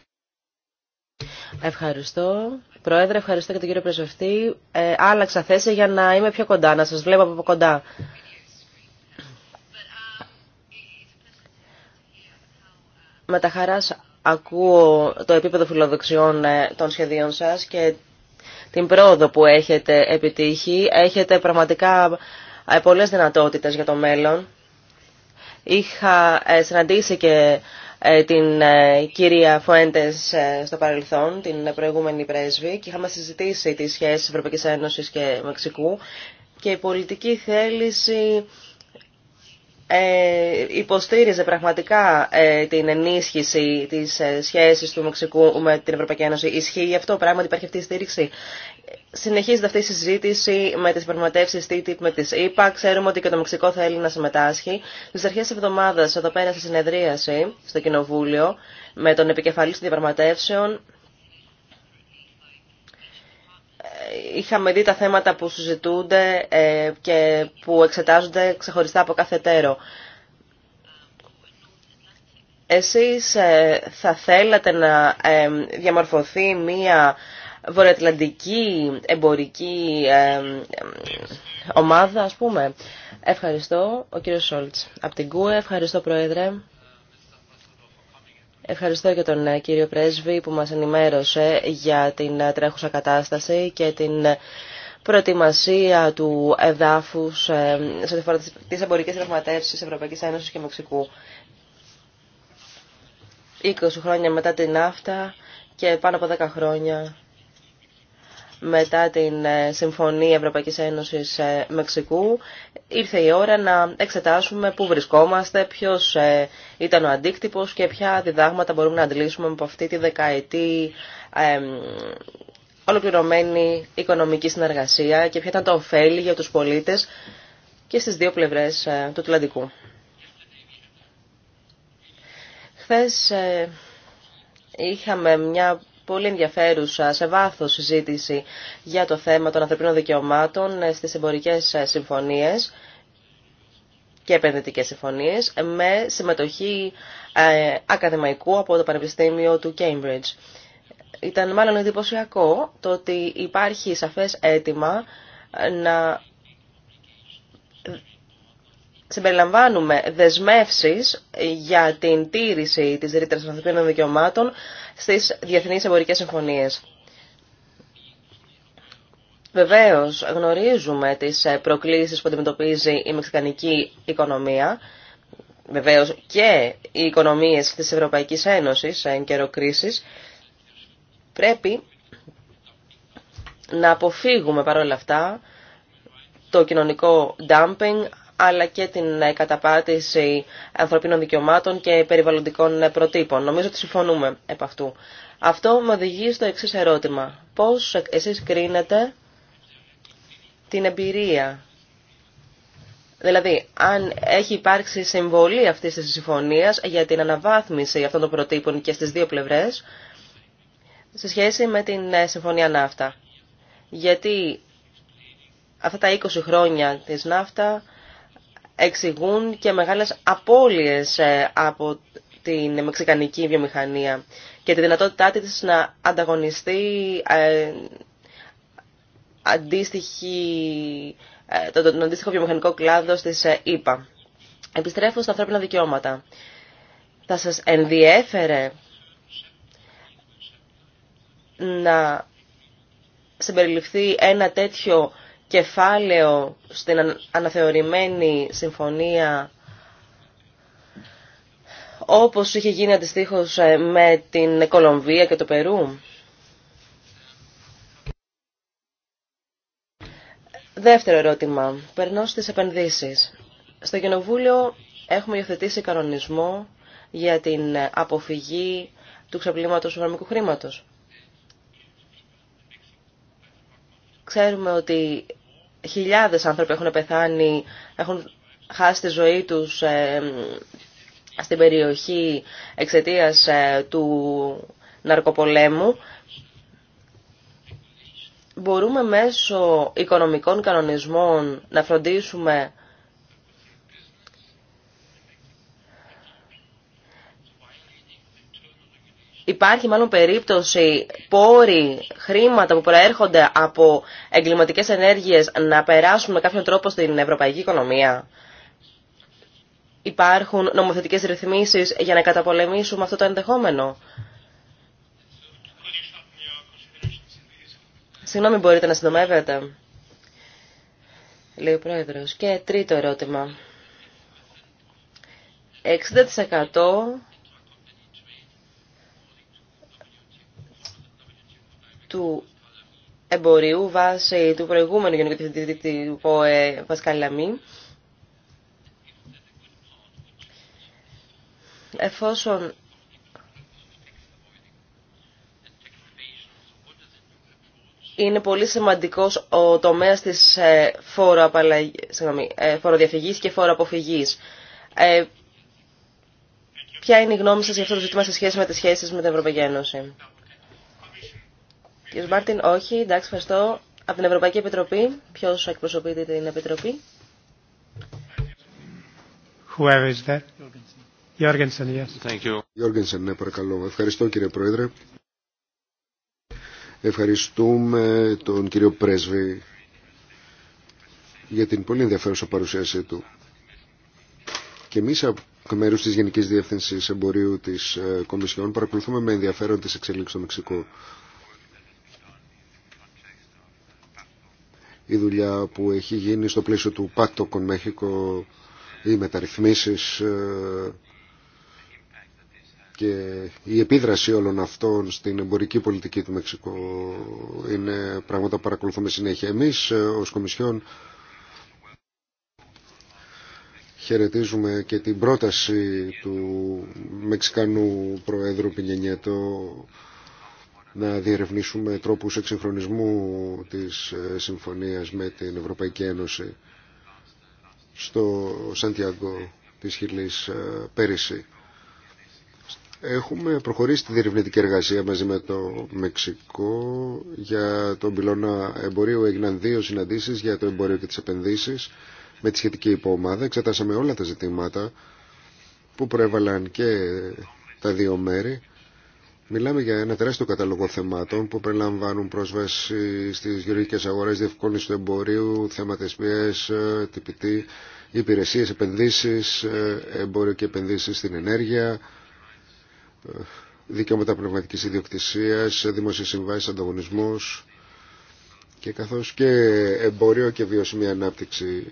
Ευχαριστώ. Πρόεδρε, ευχαριστώ και τον κύριο Πρεσβευτή. Ε, άλλαξα θέση για να είμαι πιο κοντά, να σας βλέπω από κοντά. με τα χαράς ακούω το επίπεδο φιλοδοξιών ε, των σχεδίων σας και την πρόοδο που έχετε επιτύχει. Έχετε πραγματικά ε, πολλές δυνατότητες για το μέλλον. Είχα ε, συναντήσει και την κυρία Φουέντες στο παρελθόν, την προηγούμενη πρέσβη, και είχαμε συζητήσει τις σχέσεις Ευρωπαϊκής Ένωσης και Μεξικού και η πολιτική θέληση ε, υποστήριζε πραγματικά ε, την ενίσχυση της ε, σχέσης του Μεξικού με την Ευρωπαϊκή Ένωση. Ισχύει αυτό πράγματι, υπάρχει αυτή η στήριξη. Συνεχίζεται αυτή η συζήτηση με τις πραγματεύσεις TTIP με τις ΕΠΑ. Ξέρουμε ότι και το Μεξικό θέλει να συμμετάσχει. Στις αρχές της εβδομάδας, εδώ πέρα στη συνεδρίαση, στο Κοινοβούλιο, με τον επικεφαλής των διαπραγματεύσεων, είχαμε δει τα θέματα που συζητούνται ε, και που εξετάζονται ξεχωριστά από κάθε τέρο. Εσείς ε, θα θέλατε να ε, διαμορφωθεί μία βορειοατλαντική εμπορική ομάδα, ας πούμε. Ευχαριστώ, ο κύριος Σόλτς. Από την ΚΟΕ, ευχαριστώ, Πρόεδρε. Ευχαριστώ και τον ε, κύριο Πρέσβη που μας ενημέρωσε για την ε, τρέχουσα κατάσταση και την ε, προετοιμασία του εδάφους σε ό,τι αφορά τις εμπορικές πραγματεύσεις Ευρωπαϊκής Ένωσης και Μεξικού. 20 χρόνια μετά την ναύτα και πάνω από 10 χρόνια μετά την ε, Συμφωνία Ευρωπαϊκής Ένωσης ε, Μεξικού ήρθε η ώρα να εξετάσουμε πού βρισκόμαστε, ποιος ε, ήταν ο αντίκτυπος και ποια διδάγματα μπορούμε να αντλήσουμε από αυτή τη δεκαετή ολοκληρωμένη οικονομική συνεργασία και ποια ήταν τα ωφέλη για τους πολίτες και στις δύο πλευρές του Ατλαντικού. Χθες είχαμε μια πολύ ενδιαφέρουσα σε βάθος συζήτηση για το θέμα των ανθρωπίνων δικαιωμάτων ε, στις εμπορικέ ε, συμφωνίες και επενδυτικέ συμφωνίες με συμμετοχή ε, ακαδημαϊκού από το Πανεπιστήμιο του Cambridge. Ήταν μάλλον εντυπωσιακό το ότι υπάρχει σαφές αίτημα να συμπεριλαμβάνουμε δεσμεύσεις για την τήρηση της ρήτρας των ανθρωπίνων δικαιωμάτων στις διεθνείς εμπορικές συμφωνίες. Βεβαίως, γνωρίζουμε τις προκλήσεις που αντιμετωπίζει η μεξικανική οικονομία, βεβαίως και οι οικονομίες της Ευρωπαϊκής Ένωσης εν καιρό κρίσης. Πρέπει να αποφύγουμε παρόλα αυτά το κοινωνικό dumping, αλλά και την ε, καταπάτηση ανθρωπίνων δικαιωμάτων και περιβαλλοντικών ε, προτύπων. Νομίζω ότι συμφωνούμε επ' αυτού. Αυτό με οδηγεί στο εξή ερώτημα. Πώς ε, εσείς κρίνετε την εμπειρία. Δηλαδή, αν έχει υπάρξει συμβολή αυτή της συμφωνίας για την αναβάθμιση αυτών των προτύπων και στις δύο πλευρές, σε σχέση με την συμφωνία ναύτα. Γιατί αυτά τα 20 χρόνια της ναύτα εξηγούν και μεγάλες απώλειες ε, από την μεξικανική βιομηχανία και τη δυνατότητά της να ανταγωνιστεί ε, αντίστοιχη, ε, τον αντίστοιχο βιομηχανικό κλάδο στις ΕΠΑ. Επιστρέφω στα ανθρώπινα δικαιώματα. Θα σας ενδιέφερε να συμπεριληφθεί ένα τέτοιο κεφάλαιο στην αναθεωρημένη συμφωνία όπως είχε γίνει αντιστοίχως ε, με την Κολομβία και το Περού. Δεύτερο ερώτημα. Περνώ στις επενδύσεις. Στο Κοινοβούλιο έχουμε υιοθετήσει κανονισμό για την αποφυγή του ξεπλήματος του χρήματο. χρήματος. Ξέρουμε ότι χιλιάδες άνθρωποι έχουν πεθάνει, έχουν χάσει τη ζωή τους ε, στην περιοχή εξαιτίας ε, του ναρκοπολέμου. Μπορούμε μέσω οικονομικών κανονισμών να φροντίσουμε υπάρχει μάλλον περίπτωση πόροι, χρήματα που προέρχονται από εγκληματικές ενέργειες να περάσουν με κάποιον τρόπο στην ευρωπαϊκή οικονομία. Υπάρχουν νομοθετικές ρυθμίσεις για να καταπολεμήσουμε αυτό το ενδεχόμενο. Συγγνώμη, μπορείτε να συντομεύετε. Λέει ο Πρόεδρος. Και τρίτο ερώτημα. 60% του εμπορίου βάσει του προηγούμενου Γενικού Διευθυντή του ΠΟΕ Πασκαλαμή. Εφόσον είναι πολύ σημαντικός ο τομέας της ε, ε, φοροδιαφυγής και φοροαποφυγής. Ε, ποια είναι η γνώμη σας για αυτό το ζήτημα σε σχέση με τις σχέσεις με την Ευρωπαϊκή Ένωση. Κύριε Μάρτιν, όχι. Εντάξει, ευχαριστώ. Από την Ευρωπαϊκή Επιτροπή, ποιο εκπροσωπείται την Επιτροπή. Whoever is Jorgensen, yes. Thank ναι, παρακαλώ. Ευχαριστώ κύριε Πρόεδρε. Ευχαριστούμε τον κύριο Πρέσβη για την πολύ ενδιαφέρουσα παρουσίασή του. Και εμεί από μέρου τη Γενική Διεύθυνση Εμπορίου τη ε, Κομισιόν παρακολουθούμε με ενδιαφέρον τι εξελίξει στο Μεξικό. η δουλειά που έχει γίνει στο πλαίσιο του Πάκτο México, οι μεταρρυθμίσεις ε, και η επίδραση όλων αυτών στην εμπορική πολιτική του Μεξικού είναι πράγματα που παρακολουθούμε συνέχεια. Εμείς ε, ως Κομισιόν χαιρετίζουμε και την πρόταση του Μεξικανού Προέδρου Πινιενιέτο να διερευνήσουμε τρόπους εξυγχρονισμού της ε, συμφωνίας με την Ευρωπαϊκή Ένωση στο Σαντιάγκο της Χιλής ε, πέρυσι. Έχουμε προχωρήσει τη διερευνητική εργασία μαζί με το Μεξικό. Για τον πυλώνα εμπορίου έγιναν δύο συναντήσεις για το εμπόριο και τις επενδύσεις με τη σχετική υποομάδα. Εξετάσαμε όλα τα ζητήματα που προέβαλαν και τα δύο μέρη Μιλάμε για ένα τεράστιο κατάλογο θεμάτων που περιλαμβάνουν πρόσβαση στις γεωργικές αγορές, διευκόλυνση του εμπορίου, θέματα SPS, TPT, υπηρεσίες, επενδύσεις, ε, εμπόριο και επενδύσεις στην ενέργεια, ε, δικαιώματα πνευματικής ιδιοκτησίας, δημόσιες συμβάσεις, ανταγωνισμός και καθώς και εμπόριο και βιώσιμη ανάπτυξη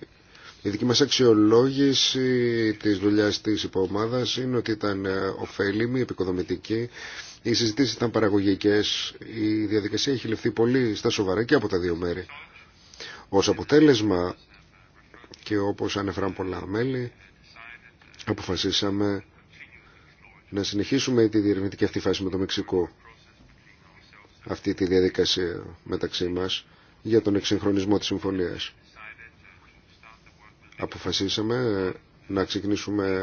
η δική μας αξιολόγηση της δουλειάς της υποομάδας είναι ότι ήταν ε, ωφέλιμη, επικοδομητική. Οι συζητήσεις ήταν παραγωγικές. Η διαδικασία έχει ληφθεί πολύ στα σοβαρά και από τα δύο μέρη. Ως αποτέλεσμα και όπως ανεφράν πολλά μέλη αποφασίσαμε να συνεχίσουμε τη διερευνητική αυτή φάση με το Μεξικό αυτή τη διαδικασία μεταξύ μας για τον εξυγχρονισμό της συμφωνίας αποφασίσαμε να ξεκινήσουμε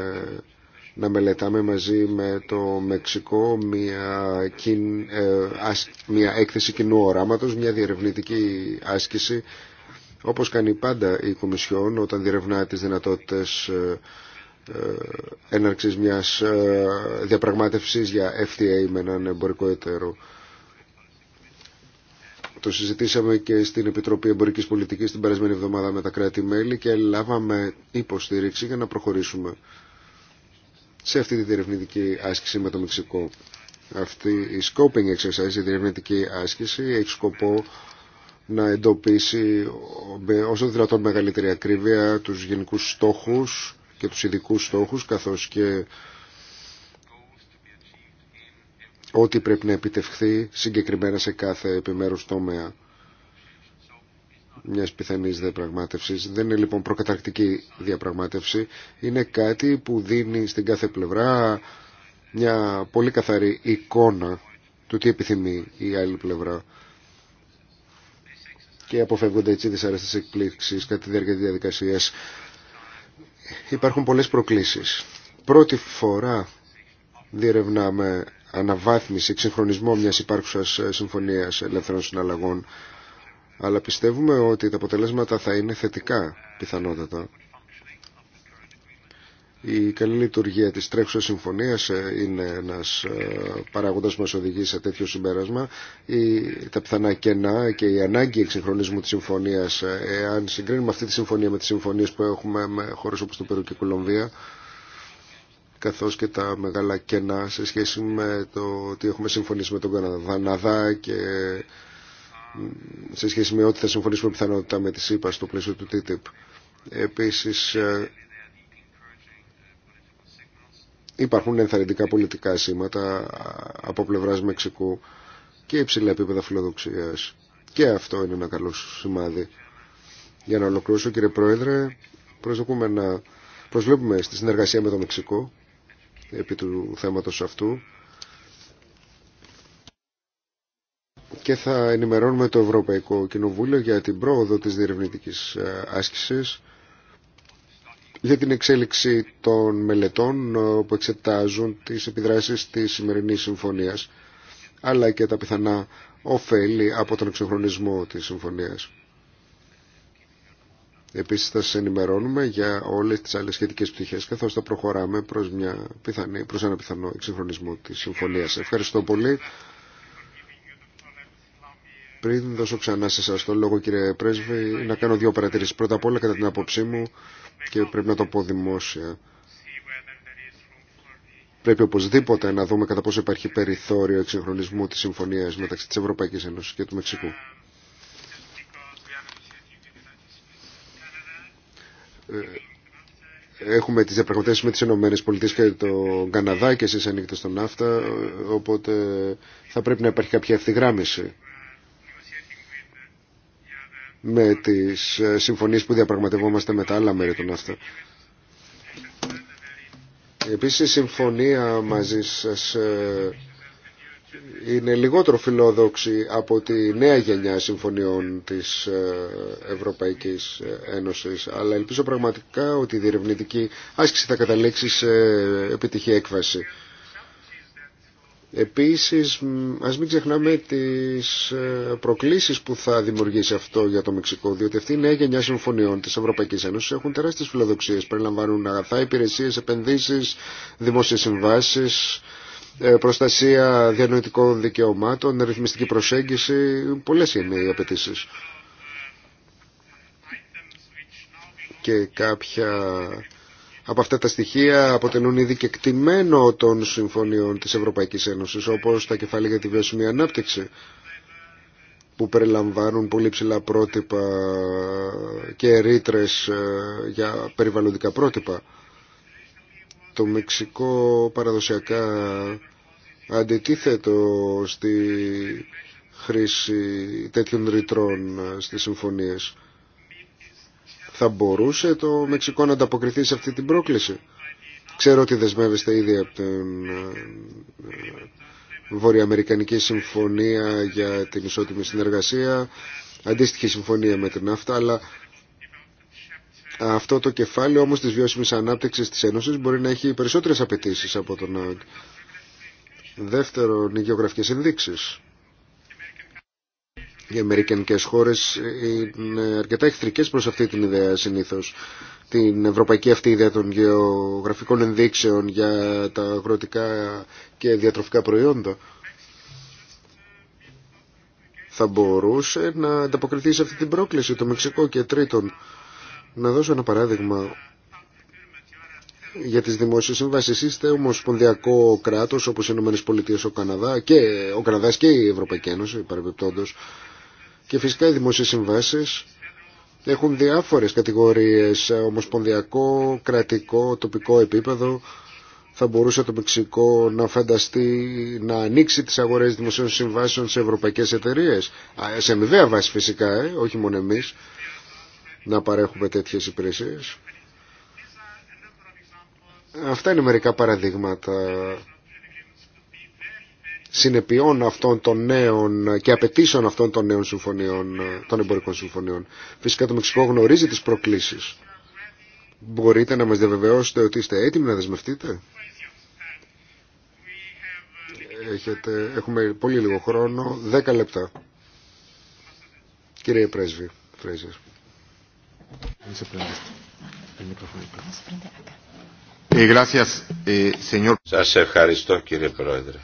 να μελετάμε μαζί με το Μεξικό μια, ε, μια έκθεση κοινού οράματος, μια διερευνητική άσκηση, όπως κάνει πάντα η Κομισιόν όταν διερευνά τις δυνατότητες ε, ε έναρξης μιας ε, διαπραγμάτευσης για FTA με έναν εμπορικό εταίρο. Το συζητήσαμε και στην Επιτροπή Εμπορικής Πολιτικής την περασμένη εβδομάδα με τα κράτη-μέλη και λάβαμε υποστήριξη για να προχωρήσουμε σε αυτή τη διερευνητική άσκηση με το Μεξικό. Αυτή η scoping exercise, η διερευνητική άσκηση, έχει σκοπό να εντοπίσει με όσο δυνατόν μεγαλύτερη ακρίβεια τους γενικούς στόχους και τους ειδικούς στόχους καθώς και ό,τι πρέπει να επιτευχθεί συγκεκριμένα σε κάθε επιμέρους τομέα μιας πιθανής διαπραγμάτευσης. Δεν είναι λοιπόν προκαταρκτική διαπραγμάτευση. Είναι κάτι που δίνει στην κάθε πλευρά μια πολύ καθαρή εικόνα του τι επιθυμεί η άλλη πλευρά. Και αποφεύγονται έτσι δυσάρεστες εκπλήξεις κατά τη διάρκεια της διαδικασίας. Υπάρχουν πολλές προκλήσεις. Πρώτη φορά διερευνάμε αναβάθμιση, εξυγχρονισμό μιας υπάρχουσας ε, συμφωνίας ελεύθερων συναλλαγών αλλά πιστεύουμε ότι τα αποτελέσματα θα είναι θετικά πιθανότατα. Η καλή λειτουργία της τρέχουσας συμφωνίας ε, είναι ένας ε, παράγοντας που μας οδηγεί σε τέτοιο συμπέρασμα. Η, τα πιθανά κενά και η ανάγκη εξυγχρονισμού της συμφωνίας, εάν συγκρίνουμε αυτή τη συμφωνία με τις συμφωνίες που έχουμε με χώρες όπως το Περού και η Κολομβία, καθώς και τα μεγάλα κενά σε σχέση με το ότι έχουμε συμφωνήσει με τον Καναδά και σε σχέση με ό,τι θα συμφωνήσουμε πιθανότητα με τη ΣΥΠΑ στο πλαίσιο του TTIP. Επίσης, ε, υπάρχουν ενθαρρυντικά πολιτικά σήματα από πλευράς Μεξικού και υψηλά επίπεδα φιλοδοξίας. Και αυτό είναι ένα καλό σημάδι. Για να ολοκληρώσω, κύριε Πρόεδρε, προσδοκούμε να προσβλέπουμε στη συνεργασία με το Μεξικό επί του θέματος αυτού και θα ενημερώνουμε το Ευρωπαϊκό Κοινοβούλιο για την πρόοδο της διερευνητικής ε, άσκησης για την εξέλιξη των μελετών ε, που εξετάζουν τις επιδράσεις της σημερινής συμφωνίας αλλά και τα πιθανά ωφέλη από τον εξοχρονισμό της συμφωνίας. Επίσης θα σας ενημερώνουμε για όλες τις άλλες σχετικές πτυχές καθώς θα προχωράμε προς, μια πιθανή, προς ένα πιθανό εξυγχρονισμό της συμφωνίας. Ευχαριστώ πολύ. Πριν δώσω ξανά σε εσάς το λόγο κύριε Πρέσβη, να κάνω δύο παρατηρήσεις. Πρώτα απ' όλα κατά την άποψή μου και πρέπει να το πω δημόσια. Πρέπει οπωσδήποτε να δούμε κατά πόσο υπάρχει περιθώριο εξυγχρονισμού της συμφωνίας μεταξύ της Ευρωπαϊκής Ένωσης και του Μεξικού. Ε, έχουμε τις διαπραγματεύσεις με τις Ηνωμένες Πολιτείες και τον Καναδά και εσείς ανοίγετε στον ΝΑΦΤΑ, οπότε θα πρέπει να υπάρχει κάποια ευθυγράμμιση με τις ε, συμφωνίες που διαπραγματευόμαστε με τα άλλα μέρη των ΝΑΦΤΑ. Επίσης η συμφωνία μαζί σας ε, είναι λιγότερο φιλόδοξη από τη νέα γενιά συμφωνιών της ε, Ευρωπαϊκής Ένωσης αλλά ελπίζω πραγματικά ότι η διερευνητική άσκηση θα καταλήξει σε επιτυχή έκβαση. Επίσης, ας μην ξεχνάμε τις ε, προκλήσεις που θα δημιουργήσει αυτό για το Μεξικό, διότι αυτή η νέα γενιά συμφωνιών της Ευρωπαϊκής Ένωσης έχουν τεράστιες φιλοδοξίες, περιλαμβάνουν αγαθά, υπηρεσίες, επενδύσεις, δημόσιες συμβάσεις, ε, προστασία διανοητικών δικαιωμάτων, ρυθμιστική προσέγγιση, πολλές είναι οι απαιτήσει. Και κάποια από αυτά τα στοιχεία αποτελούν ήδη και κτημένο των συμφωνιών της Ευρωπαϊκής Ένωσης, όπως τα κεφάλαια για τη βιώσιμη ανάπτυξη, που περιλαμβάνουν πολύ ψηλά πρότυπα και ρήτρε ε, για περιβαλλοντικά πρότυπα. Το Μεξικό παραδοσιακά αντιτίθετο στη χρήση τέτοιων ρητρών στις συμφωνίες. Θα μπορούσε το Μεξικό να ανταποκριθεί σε αυτή την πρόκληση. Ξέρω ότι δεσμεύεστε ήδη από την ε, Βορειοαμερικανική Συμφωνία για την Ισότιμη Συνεργασία, αντίστοιχη συμφωνία με την ΑΦΤΑ, αλλά αυτό το κεφάλαιο όμως της βιώσιμης ανάπτυξης της Ένωσης μπορεί να έχει περισσότερες απαιτήσεις από τον ΑΚ. Δεύτερον, οι γεωγραφικές ενδείξεις. Οι αμερικανικές χώρες είναι αρκετά εχθρικές προς αυτή την ιδέα συνήθως. Την ευρωπαϊκή αυτή ιδέα των γεωγραφικών ενδείξεων για τα αγροτικά και διατροφικά προϊόντα θα μπορούσε να ανταποκριθεί σε αυτή την πρόκληση το Μεξικό και τρίτον να δώσω ένα παράδειγμα για τις δημόσιες συμβάσεις. Είστε ομοσπονδιακό κράτος όπως οι ΗΠΑ, ο Καναδά και ο Καναδάς και η Ευρωπαϊκή Ένωση παρεμπιπτόντως. Και φυσικά οι δημόσιες συμβάσεις έχουν διάφορες κατηγορίες, ε, ομοσπονδιακό, κρατικό, τοπικό επίπεδο. Θα μπορούσε το Μεξικό να φανταστεί να ανοίξει τις αγορές δημοσίων συμβάσεων σε ευρωπαϊκές εταιρείες. Σε αμοιβαία βάση φυσικά, ε, όχι μόνο εμείς να παρέχουμε τέτοιες υπηρεσίες. Αυτά είναι μερικά παραδείγματα συνεπειών αυτών των νέων και απαιτήσεων αυτών των νέων συμφωνιών, των εμπορικών συμφωνιών. Φυσικά το Μεξικό γνωρίζει τις προκλήσεις. Μπορείτε να μας διαβεβαιώσετε ότι είστε έτοιμοι να δεσμευτείτε. Έχετε, έχουμε πολύ λίγο χρόνο, 10 λεπτά. Κύριε Πρέσβη, ε, ε, Σας ευχαριστώ κύριε Πρόεδρε.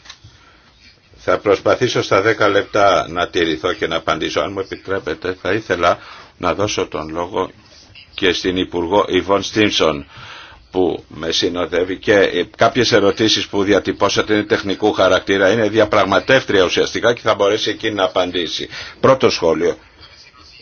Θα προσπαθήσω στα 10 λεπτά να τηρηθώ και να απαντήσω. Αν μου επιτρέπετε θα ήθελα να δώσω τον λόγο και στην Υπουργό Ιβόν Στίνσον που με συνοδεύει και ε, κάποιες ερωτήσεις που διατυπώσατε είναι τεχνικού χαρακτήρα, είναι διαπραγματεύτρια ουσιαστικά και θα μπορέσει εκείνη να απαντήσει. Πρώτο σχόλιο.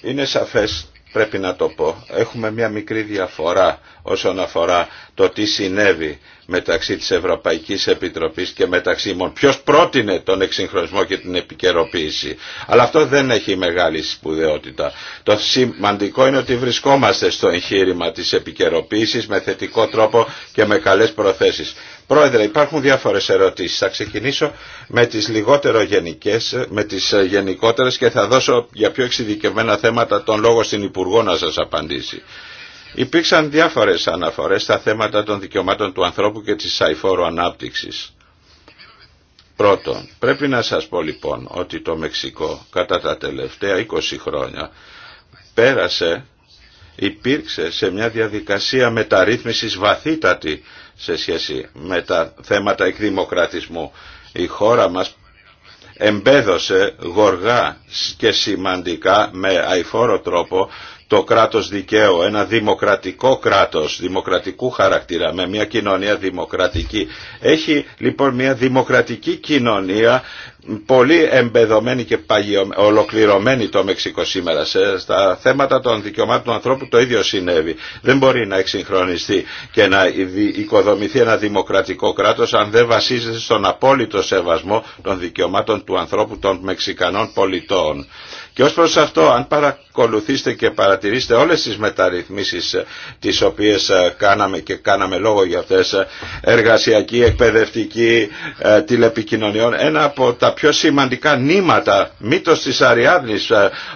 Είναι σαφές πρέπει να το πω, έχουμε μια μικρή διαφορά όσον αφορά το τι συνέβη μεταξύ της Ευρωπαϊκής Επιτροπής και μεταξύ ημών. Ποιος πρότεινε τον εξυγχρονισμό και την επικαιροποίηση. Αλλά αυτό δεν έχει μεγάλη σπουδαιότητα. Το σημαντικό είναι ότι βρισκόμαστε στο εγχείρημα της επικαιροποίησης με θετικό τρόπο και με καλές προθέσεις. Πρόεδρε, υπάρχουν διάφορες ερωτήσεις. Θα ξεκινήσω με τις λιγότερο γενικές, με τις γενικότερες και θα δώσω για πιο εξειδικευμένα θέματα τον λόγο στην Υπουργό να σας απαντήσει. Υπήρξαν διάφορες αναφορές στα θέματα των δικαιωμάτων του ανθρώπου και της αηφόρου ανάπτυξης. Πρώτον, πρέπει να σας πω λοιπόν ότι το Μεξικό κατά τα τελευταία 20 χρόνια πέρασε, υπήρξε σε μια διαδικασία μεταρρύθμισης βαθύτατη σε σχέση με τα θέματα εκδημοκρατισμού. Η χώρα μας εμπέδωσε γοργά και σημαντικά με αηφόρο τρόπο το κράτος δικαίου, ένα δημοκρατικό κράτος, δημοκρατικού χαρακτήρα, με μια κοινωνία δημοκρατική. Έχει λοιπόν μια δημοκρατική κοινωνία πολύ εμπεδωμένη και ολοκληρωμένη το Μεξικό σήμερα. Στα θέματα των δικαιωμάτων του ανθρώπου το ίδιο συνέβη. Δεν μπορεί να εξυγχρονιστεί και να οικοδομηθεί ένα δημοκρατικό κράτος αν δεν βασίζεται στον απόλυτο σεβασμό των δικαιωμάτων του ανθρώπου των Μεξικανών πολιτών. Και ως προς αυτό, αν παρακολουθήσετε και παρατηρήσετε όλες τις μεταρρυθμίσεις ε, τις οποίες ε, κάναμε και κάναμε λόγο για αυτές, ε, εργασιακή, εκπαιδευτική, τηλεπικοινωνιών, ένα από τα πιο σημαντικά νήματα, μύτος της Αριάδνης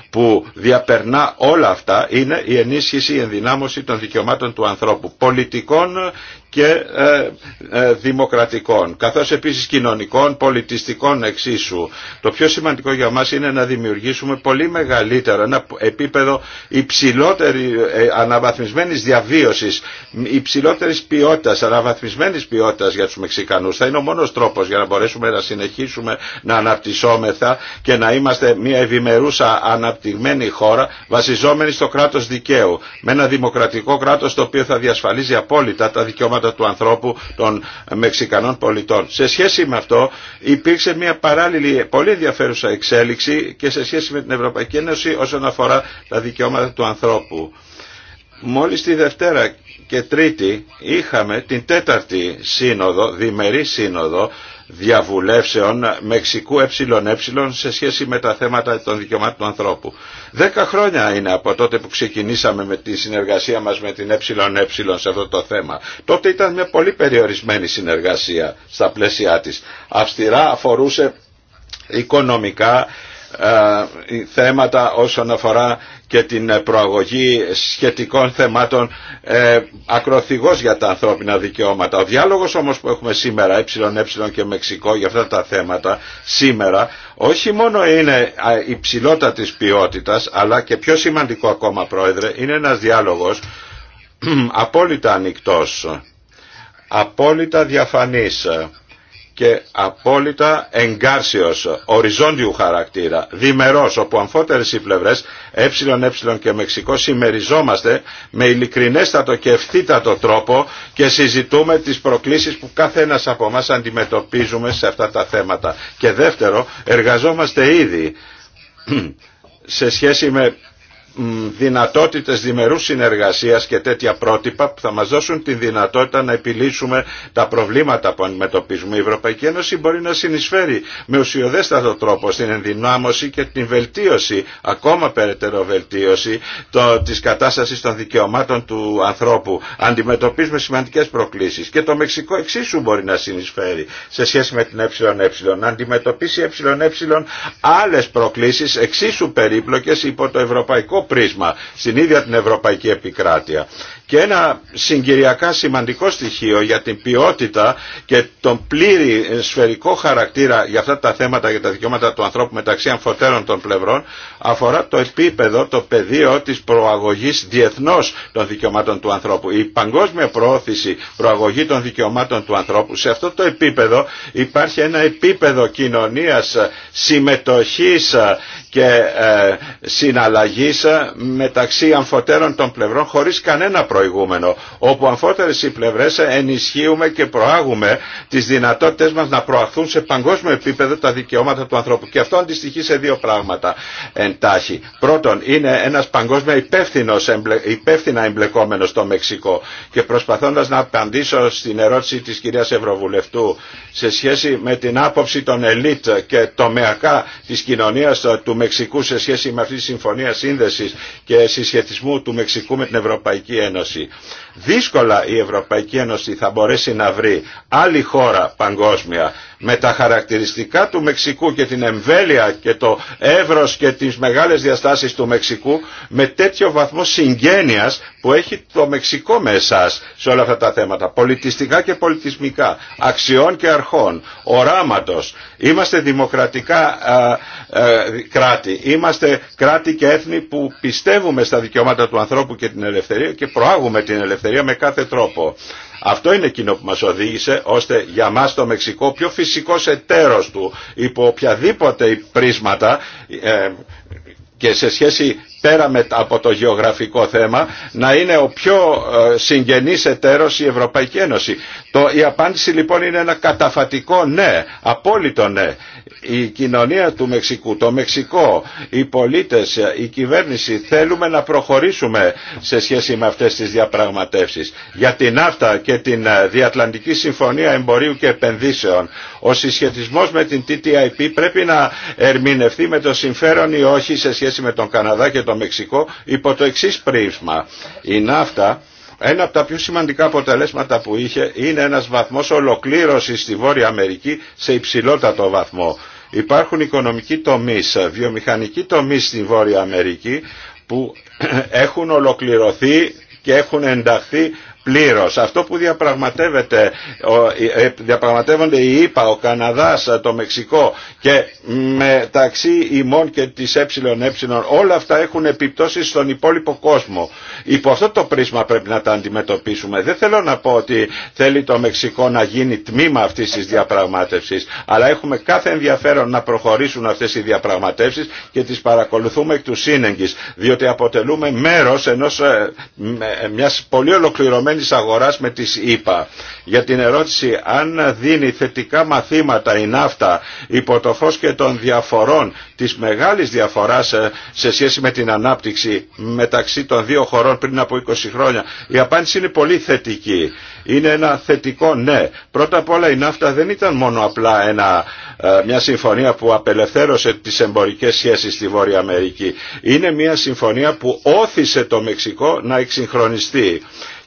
που διαπερνά όλα αυτά, είναι η ενίσχυση, η ενδυνάμωση των δικαιωμάτων του ανθρώπου, πολιτικών και ε, ε, δημοκρατικών, καθώς επίσης κοινωνικών, πολιτιστικών εξίσου. Το πιο σημαντικό για μας είναι να δημιουργήσουμε πολύ μεγαλύτερο ένα επίπεδο υψηλότερη ε, αναβαθμισμένης διαβίωσης, υψηλότερης ποιότητας, αναβαθμισμένης ποιότητας για τους Μεξικανούς. Θα είναι ο μόνος τρόπος για να μπορέσουμε να συνεχίσουμε να αναπτυσσόμεθα και να είμαστε μια ευημερούσα αναπτυγμένη χώρα βασιζόμενη στο κράτος δικαίου, με ένα δημοκρατικό κράτος το οποίο θα διασφαλίζει απόλυτα τα δικαιώματα του ανθρώπου των Μεξικανών πολιτών. Σε σχέση με αυτό υπήρξε μια παράλληλη πολύ ενδιαφέρουσα εξέλιξη και σε σχέση με την Ευρωπαϊκή Ένωση όσον αφορά τα δικαιώματα του ανθρώπου. Μόλις τη Δευτέρα και Τρίτη είχαμε την τέταρτη σύνοδο, διμερή σύνοδο διαβουλεύσεων Μεξικού ΕΕ σε σχέση με τα θέματα των δικαιωμάτων του ανθρώπου. Δέκα χρόνια είναι από τότε που ξεκινήσαμε με τη συνεργασία μας με την ΕΕ σε αυτό το θέμα. Τότε ήταν μια πολύ περιορισμένη συνεργασία στα πλαίσια της. Αυστηρά αφορούσε οικονομικά ε, θέματα όσον αφορά και την προαγωγή σχετικών θεμάτων ε, για τα ανθρώπινα δικαιώματα. Ο διάλογος όμως που έχουμε σήμερα, ΕΕ και Μεξικό για αυτά τα θέματα, σήμερα όχι μόνο είναι υψηλότατης ποιότητας, αλλά και πιο σημαντικό ακόμα πρόεδρε, είναι ένας διάλογος απόλυτα ανοιχτός, απόλυτα διαφανής και απόλυτα εγκάρσιος, οριζόντιου χαρακτήρα, διμερός, όπου αμφότερες οι πλευρές, ε, ε και Μεξικό, συμμεριζόμαστε με ειλικρινέστατο και ευθύτατο τρόπο και συζητούμε τις προκλήσεις που κάθε ένας από εμά αντιμετωπίζουμε σε αυτά τα θέματα. Και δεύτερο, εργαζόμαστε ήδη σε σχέση με δυνατότητες δημερού συνεργασίας και τέτοια πρότυπα που θα μας δώσουν τη δυνατότητα να επιλύσουμε τα προβλήματα που αντιμετωπίζουμε. Η Ευρωπαϊκή Ένωση μπορεί να συνεισφέρει με ουσιοδέστατο τρόπο στην ενδυνάμωση και την βελτίωση, ακόμα περαιτέρω βελτίωση το, της κατάστασης των δικαιωμάτων του ανθρώπου. Αντιμετωπίζουμε σημαντικές προκλήσεις και το Μεξικό εξίσου μπορεί να συνεισφέρει σε σχέση με την ΕΕ. Να αντιμετωπίσει ΕΕ άλλες προκλήσεις εξίσου περίπλοκες υπό το ευρωπαϊκό πρίσμα, στην ίδια την ευρωπαϊκή επικράτεια. Και ένα συγκυριακά σημαντικό στοιχείο για την ποιότητα και τον πλήρη σφαιρικό χαρακτήρα για αυτά τα θέματα για τα δικαιώματα του ανθρώπου μεταξύ αμφωτέρων των πλευρών αφορά το επίπεδο, το πεδίο της προαγωγής διεθνώς των δικαιωμάτων του ανθρώπου. Η παγκόσμια προώθηση προαγωγή των δικαιωμάτων του ανθρώπου σε αυτό το επίπεδο υπάρχει ένα επίπεδο κοινωνίας συμμετοχής και ε, συναλλαγής μεταξύ αμφωτέρων των πλευρών χωρίς κανένα προϊόν προηγούμενο, όπου αμφότερες οι πλευρές ενισχύουμε και προάγουμε τις δυνατότητες μας να προαχθούν σε παγκόσμιο επίπεδο τα δικαιώματα του ανθρώπου. Και αυτό αντιστοιχεί σε δύο πράγματα εντάχει. Πρώτον, είναι ένας παγκόσμιο υπεύθυνα εμπλεκόμενος στο Μεξικό και προσπαθώντας να απαντήσω στην ερώτηση της κυρίας Ευρωβουλευτού σε σχέση με την άποψη των ελίτ και τομεακά της κοινωνίας του Μεξικού σε σχέση με αυτή τη συμφωνία σύνδεσης και συσχετισμού του Μεξικού με την Ευρωπαϊκή Ένωση. Ένωση δύσκολα η Ευρωπαϊκή Ένωση θα μπορέσει να βρει άλλη χώρα παγκόσμια με τα χαρακτηριστικά του Μεξικού και την εμβέλεια και το εύρος και τις μεγάλες διαστάσεις του Μεξικού με τέτοιο βαθμό συγγένειας που έχει το Μεξικό με εσά σε όλα αυτά τα θέματα, πολιτιστικά και πολιτισμικά, αξιών και αρχών, οράματος. Είμαστε δημοκρατικά κράτη, είμαστε κράτη και έθνη που πιστεύουμε στα δικαιώματα του ανθρώπου και την ελευθερία και προάγουμε την ελευθερία ελευθερία με κάθε τρόπο. Αυτό είναι εκείνο που μας οδήγησε ώστε για μας το Μεξικό πιο φυσικός εταίρος του υπό οποιαδήποτε πρίσματα ε, και σε σχέση πέρα από το γεωγραφικό θέμα να είναι ο πιο ε, συγγενής εταίρος η Ευρωπαϊκή Ένωση. Το, η απάντηση λοιπόν είναι ένα καταφατικό ναι, απόλυτο ναι. Η κοινωνία του Μεξικού, το Μεξικό, οι πολίτες, η κυβέρνηση θέλουμε να προχωρήσουμε σε σχέση με αυτές τις διαπραγματεύσεις. Για την ΑΦΤΑ και την ε, Διατλαντική Συμφωνία Εμπορίου και Επενδύσεων ο συσχετισμός με την TTIP πρέπει να ερμηνευτεί με το συμφέρον ή όχι σε σχέση σχέση με τον Καναδά και τον Μεξικό υπό το εξή πρίσμα. Η ναύτα ένα από τα πιο σημαντικά αποτελέσματα που είχε είναι ένας βαθμός ολοκλήρωσης στη Βόρεια Αμερική σε υψηλότατο βαθμό. Υπάρχουν οικονομικοί τομείς, βιομηχανικοί τομείς στη Βόρεια Αμερική που έχουν ολοκληρωθεί και έχουν ενταχθεί αυτό που διαπραγματεύεται, ε, ε, διαπραγματεύονται η ΙΠΑ, ο Καναδάς, το Μεξικό και μεταξύ ημών και της ΕΕ, όλα αυτά έχουν επιπτώσεις στον υπόλοιπο κόσμο. Υπό αυτό το πρίσμα πρέπει να τα αντιμετωπίσουμε. Δεν θέλω να πω ότι θέλει το Μεξικό να γίνει τμήμα αυτής της διαπραγμάτευσης, αλλά έχουμε κάθε ενδιαφέρον να προχωρήσουν αυτές οι διαπραγματεύσεις και τις παρακολουθούμε εκ του σύνεγγης, διότι αποτελούμε μέρος ενός, ε, μιας πολύ ολοκληρωμένης ενωμένης αγοράς με τις ΗΠΑ. Για την ερώτηση αν δίνει θετικά μαθήματα η ναύτα υπό το φως και των διαφορών, της μεγάλης διαφοράς ε, σε σχέση με την ανάπτυξη μεταξύ των δύο χωρών πριν από 20 χρόνια, η απάντηση είναι πολύ θετική. Είναι ένα θετικό ναι. Πρώτα απ' όλα η ναύτα δεν ήταν μόνο απλά ένα, ε, μια συμφωνία που απελευθέρωσε τις εμπορικές σχέσεις στη Βόρεια Αμερική. Είναι μια συμφωνία που όθησε το Μεξικό να εξυγχρονιστεί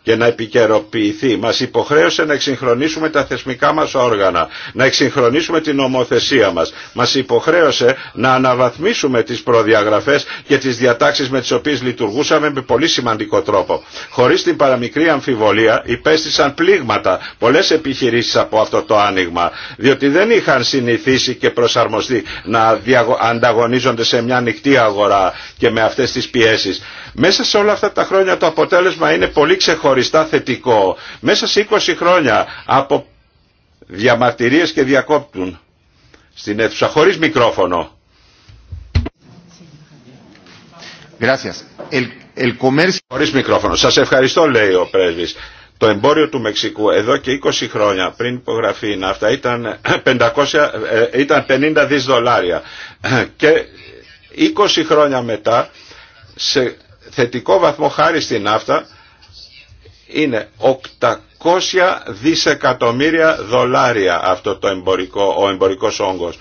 και να επικαιροποιηθεί. Μας υποχρέωσε να εξυγχρονίσουμε τα θεσμικά μας όργανα, να εξυγχρονίσουμε την νομοθεσία μας. Μας υποχρέωσε να αναβαθμίσουμε τις προδιαγραφές και τις διατάξεις με τις οποίες λειτουργούσαμε με πολύ σημαντικό τρόπο. Χωρίς την παραμικρή αμφιβολία υπέστησαν πλήγματα πολλές επιχειρήσεις από αυτό το άνοιγμα, διότι δεν είχαν συνηθίσει και προσαρμοστεί να ανταγωνίζονται σε μια ανοιχτή αγορά και με αυτές τις πιέσεις. Μέσα σε όλα αυτά τα χρόνια το αποτέλεσμα είναι πολύ ξεχωριστά θετικό. Μέσα σε 20 χρόνια από διαμαρτυρίες και διακόπτουν στην αίθουσα χωρίς μικρόφωνο. Χωρίς μικρόφωνο. Σας ευχαριστώ λέει ο πρέσβης. Το εμπόριο του Μεξικού εδώ και 20 χρόνια πριν υπογραφή είναι αυτά ήταν, 500, ε, ήταν 50 δις δολάρια και 20 χρόνια μετά σε θετικό βαθμό χάρη στην ναύτα είναι 800 δισεκατομμύρια δολάρια αυτό το εμπορικό, ο εμπορικός όγκος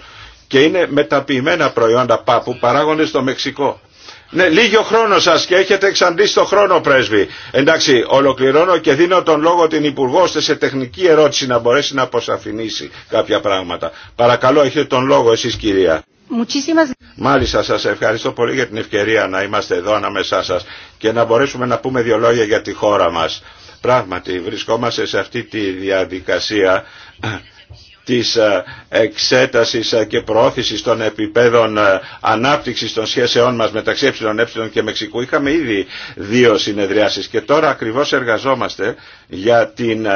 και είναι μεταποιημένα προϊόντα πάπου παράγονται στο Μεξικό. Ναι, λίγο χρόνο σας και έχετε εξαντλήσει το χρόνο, πρέσβη. Εντάξει, ολοκληρώνω και δίνω τον λόγο την Υπουργό, ώστε σε τεχνική ερώτηση να μπορέσει να αποσαφηνίσει κάποια πράγματα. Παρακαλώ, έχετε τον λόγο εσείς κυρία. Μάλιστα σας ευχαριστώ πολύ για την ευκαιρία να είμαστε εδώ ανάμεσά σας και να μπορέσουμε να πούμε δύο λόγια για τη χώρα μας. Πράγματι βρισκόμαστε σε αυτή τη διαδικασία της ε, εξέτασης ε, και προώθησης των επιπέδων ε, ανάπτυξης των σχέσεών μας μεταξύ ΕΕ και Μεξικού είχαμε ήδη δύο συνεδριάσεις και τώρα ακριβώς εργαζόμαστε για την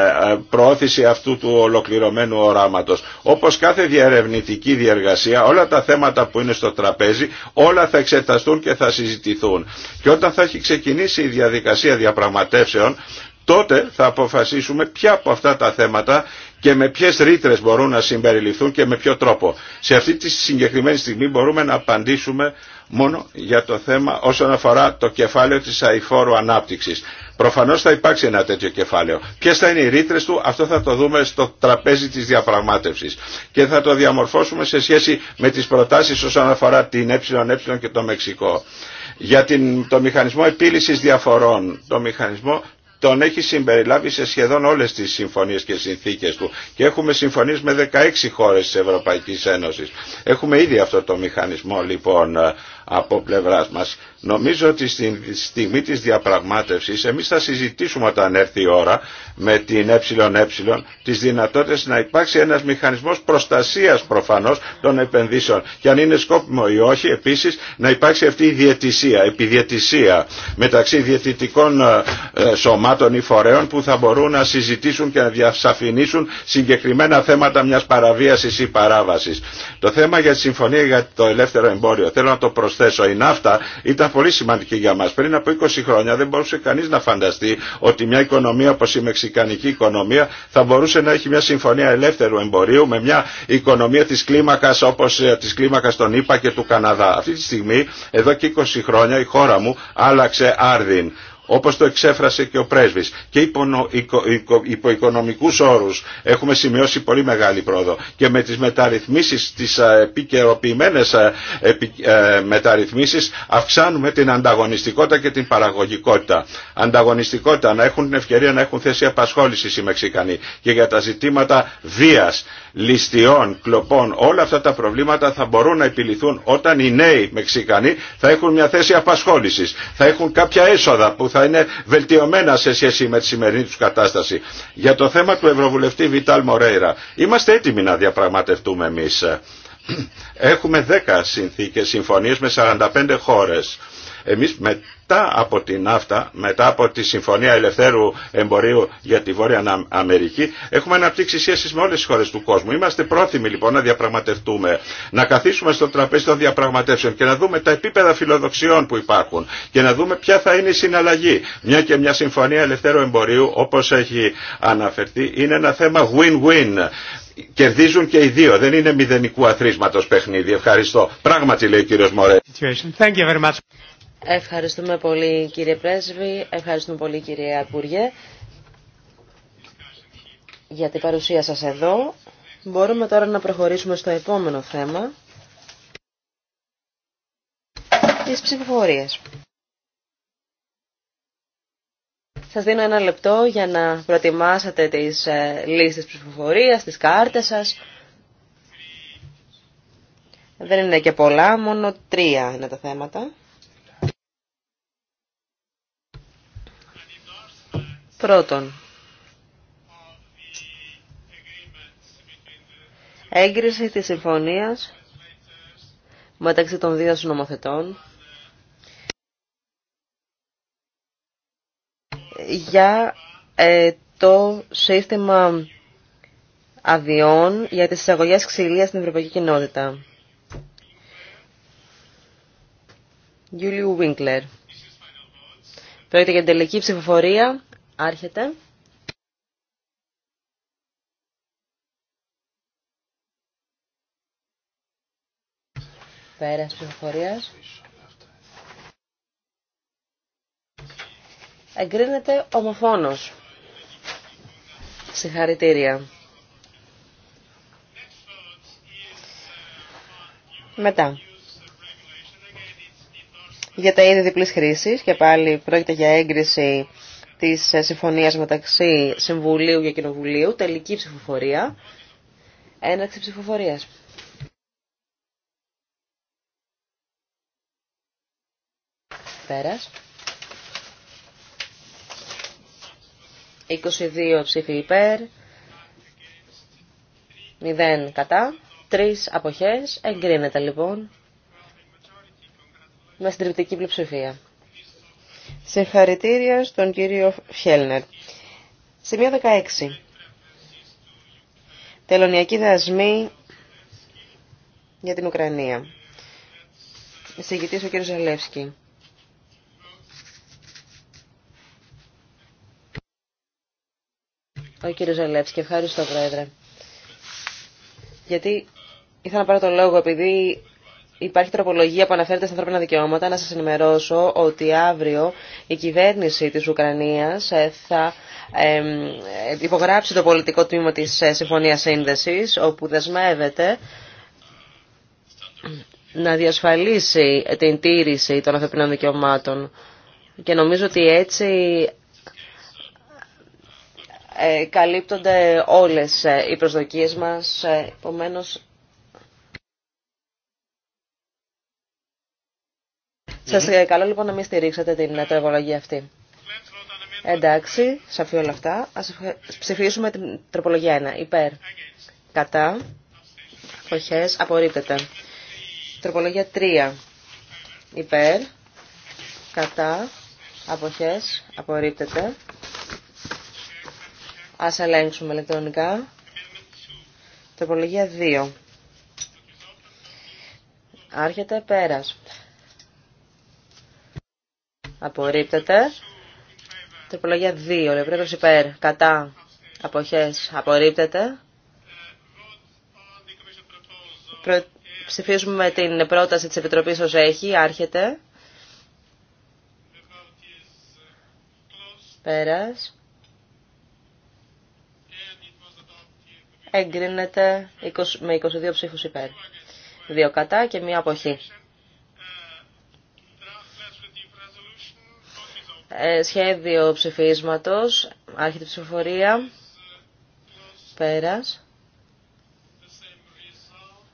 προώθηση αυτού του ολοκληρωμένου οράματος. Όπως κάθε διαρευνητική διεργασία όλα τα θέματα που είναι στο τραπέζι όλα θα εξεταστούν και θα συζητηθούν. Και όταν θα έχει ξεκινήσει η διαδικασία διαπραγματεύσεων τότε θα αποφασίσουμε ποια από αυτά τα θέματα και με ποιες ρήτρε μπορούν να συμπεριληφθούν και με ποιο τρόπο. Σε αυτή τη συγκεκριμένη στιγμή μπορούμε να απαντήσουμε μόνο για το θέμα όσον αφορά το κεφάλαιο της αηφόρου ανάπτυξης. Προφανώς θα υπάρξει ένα τέτοιο κεφάλαιο. Ποιες θα είναι οι ρήτρες του, αυτό θα το δούμε στο τραπέζι της διαπραγμάτευσης και θα το διαμορφώσουμε σε σχέση με τις προτάσεις όσον αφορά την ΕΕ και το Μεξικό. Για την, το μηχανισμό επίλυσης διαφορών, το μηχανισμό τον έχει συμπεριλάβει σε σχεδόν όλες τις συμφωνίες και συνθήκες του και έχουμε συμφωνίες με 16 χώρες της Ευρωπαϊκής Ένωσης. Έχουμε ήδη αυτό το μηχανισμό λοιπόν από πλευράς μας. Νομίζω ότι στη στιγμή της διαπραγμάτευσης εμείς θα συζητήσουμε όταν έρθει η ώρα με την ΕΕ τις δυνατότητες να υπάρξει ένας μηχανισμός προστασίας προφανώς των επενδύσεων και αν είναι σκόπιμο ή όχι επίσης να υπάρξει αυτή η διαιτησία, επιδιαιτησία μεταξύ διαιτητικών ε, ε, σωμάτων ή φορέων που θα μπορούν να συζητήσουν και να διασαφηνίσουν συγκεκριμένα θέματα μιας παραβίασης ή παράβασης. Το θέμα για τη Συμφωνία για το Ελεύθερο Εμπόριο θέλω να το προσθέσω η ναύτα ήταν πολύ σημαντική για μας. Πριν από 20 χρόνια δεν μπορούσε κανείς να φανταστεί ότι μια οικονομία όπως η μεξικανική οικονομία θα μπορούσε να έχει μια συμφωνία ελεύθερου εμπορίου με μια οικονομία της κλίμακας όπως ε, της κλίμακας των ΗΠΑ και του Καναδά. Αυτή τη στιγμή εδώ και 20 χρόνια η χώρα μου άλλαξε άρδιν όπως το εξέφρασε και ο πρέσβης και υπό, υπό, όρου οικονομικούς όρους έχουμε σημειώσει πολύ μεγάλη πρόοδο και με τις μεταρρυθμίσεις, τις ε, επικαιροποιημένες ε, επι, ε, μεταρρυθμίσεις αυξάνουμε την ανταγωνιστικότητα και την παραγωγικότητα. Ανταγωνιστικότητα να έχουν την ευκαιρία να έχουν θέση απασχόλησης οι Μεξικανοί και για τα ζητήματα βίας, ληστιών, κλοπών, όλα αυτά τα προβλήματα θα μπορούν να επιληθούν όταν οι νέοι Μεξικανοί θα έχουν μια θέση απασχόλησης, θα έχουν κάποια έσοδα που θα είναι βελτιωμένα σε σχέση με τη σημερινή του κατάσταση. Για το θέμα του Ευρωβουλευτή Βιτάλ Μορέιρα, είμαστε έτοιμοι να διαπραγματευτούμε εμεί. Έχουμε 10 συνθήκες συμφωνίες με 45 χώρες. Εμείς με μετά από την ΑΦΤΑ, μετά από τη Συμφωνία Ελευθέρου Εμπορίου για τη Βόρεια Αμερική, έχουμε αναπτύξει σχέσει με όλε τι χώρε του κόσμου. Είμαστε πρόθυμοι λοιπόν να διαπραγματευτούμε, να καθίσουμε στο τραπέζι των διαπραγματεύσεων και να δούμε τα επίπεδα φιλοδοξιών που υπάρχουν και να δούμε ποια θα είναι η συναλλαγή. Μια και μια Συμφωνία Ελευθέρου Εμπορίου, όπω έχει αναφερθεί, είναι ένα θέμα win-win κερδίζουν και οι δύο. Δεν είναι μηδενικού αθροίσματος παιχνίδι. Ευχαριστώ. Πράγματι λέει ο κύριος Μωρέ. Ευχαριστούμε πολύ κύριε Πρέσβη, ευχαριστούμε πολύ κύριε Ακούριε για την παρουσία σας εδώ. Μπορούμε τώρα να προχωρήσουμε στο επόμενο θέμα τις ψηφοφορίας. Σας δίνω ένα λεπτό για να προετοιμάσετε τις ε, λίστες ψηφοφορίας, τις κάρτες σας. Δεν είναι και πολλά, μόνο τρία είναι τα θέματα. Πρώτον, έγκριση της συμφωνίας μεταξύ των δύο συνομοθετών για ε, το σύστημα αδειών για τις εισαγωγές ξυλίας στην Ευρωπαϊκή Κοινότητα. Γιούλιου Βίνκλερ. Πρόκειται για την τελική ψηφοφορία. Άρχεται. Πέρας ψηφοφορίας. Εγκρίνεται ομοφόνος. Συγχαρητήρια. Μετά. Για τα είδη διπλής χρήσης και πάλι πρόκειται για έγκριση της ε, συμφωνίας μεταξύ Συμβουλίου και Κοινοβουλίου, τελική ψηφοφορία, έναρξη ψηφοφορίας. Πέρας. 22 ψήφοι υπέρ, 0 κατά, 3 αποχές, εγκρίνεται λοιπόν με συντριπτική πλειοψηφία. Συγχαρητήρια στον κύριο Φιέλνερ. Σημείο 16. Τελωνιακή δασμή για την Ουκρανία. Συγητής ο κύριος Ζαλεύσκη. Ο κύριος Ζαλεύσκη, ευχαριστώ πρόεδρε. Γιατί ήθελα να πάρω το λόγο επειδή Υπάρχει τροπολογία που αναφέρεται στα ανθρώπινα δικαιώματα. Να σας ενημερώσω ότι αύριο η κυβέρνηση της Ουκρανίας ε, θα υπογράψει το πολιτικό τμήμα της ε, συμφωνία Σύνδεση, όπου δεσμεύεται να διασφαλίσει την τήρηση των ανθρωπινών δικαιωμάτων. Και νομίζω ότι έτσι ε, καλύπτονται όλες οι προσδοκίες μας. Επομένως, Σας ε, καλώ λοιπόν να μην στηρίξετε την τροπολογία αυτή. Εντάξει, σαφή όλα αυτά. Ας ψηφίσουμε την τροπολογία 1. Υπέρ. Κατά. Αποχές. Απορρίπτεται. Τροπολογία 3. Υπέρ. Κατά. Αποχές. Απορρίπτεται. Ας ελέγξουμε ηλεκτρονικά. Τροπολογία 2. Άρχεται πέρας απορρίπτεται. Τροπολογία 2, να υπέρ, κατά, αποχές, απορρίπτεται. Προ... Ψηφίζουμε την πρόταση της Επιτροπής ως έχει, άρχεται. Πέρας. Εγκρίνεται με 22 ψήφους υπέρ. Δύο κατά και μία αποχή. Ε, σχέδιο ψηφίσματος, άρχιτε ψηφοφορία, πέρας.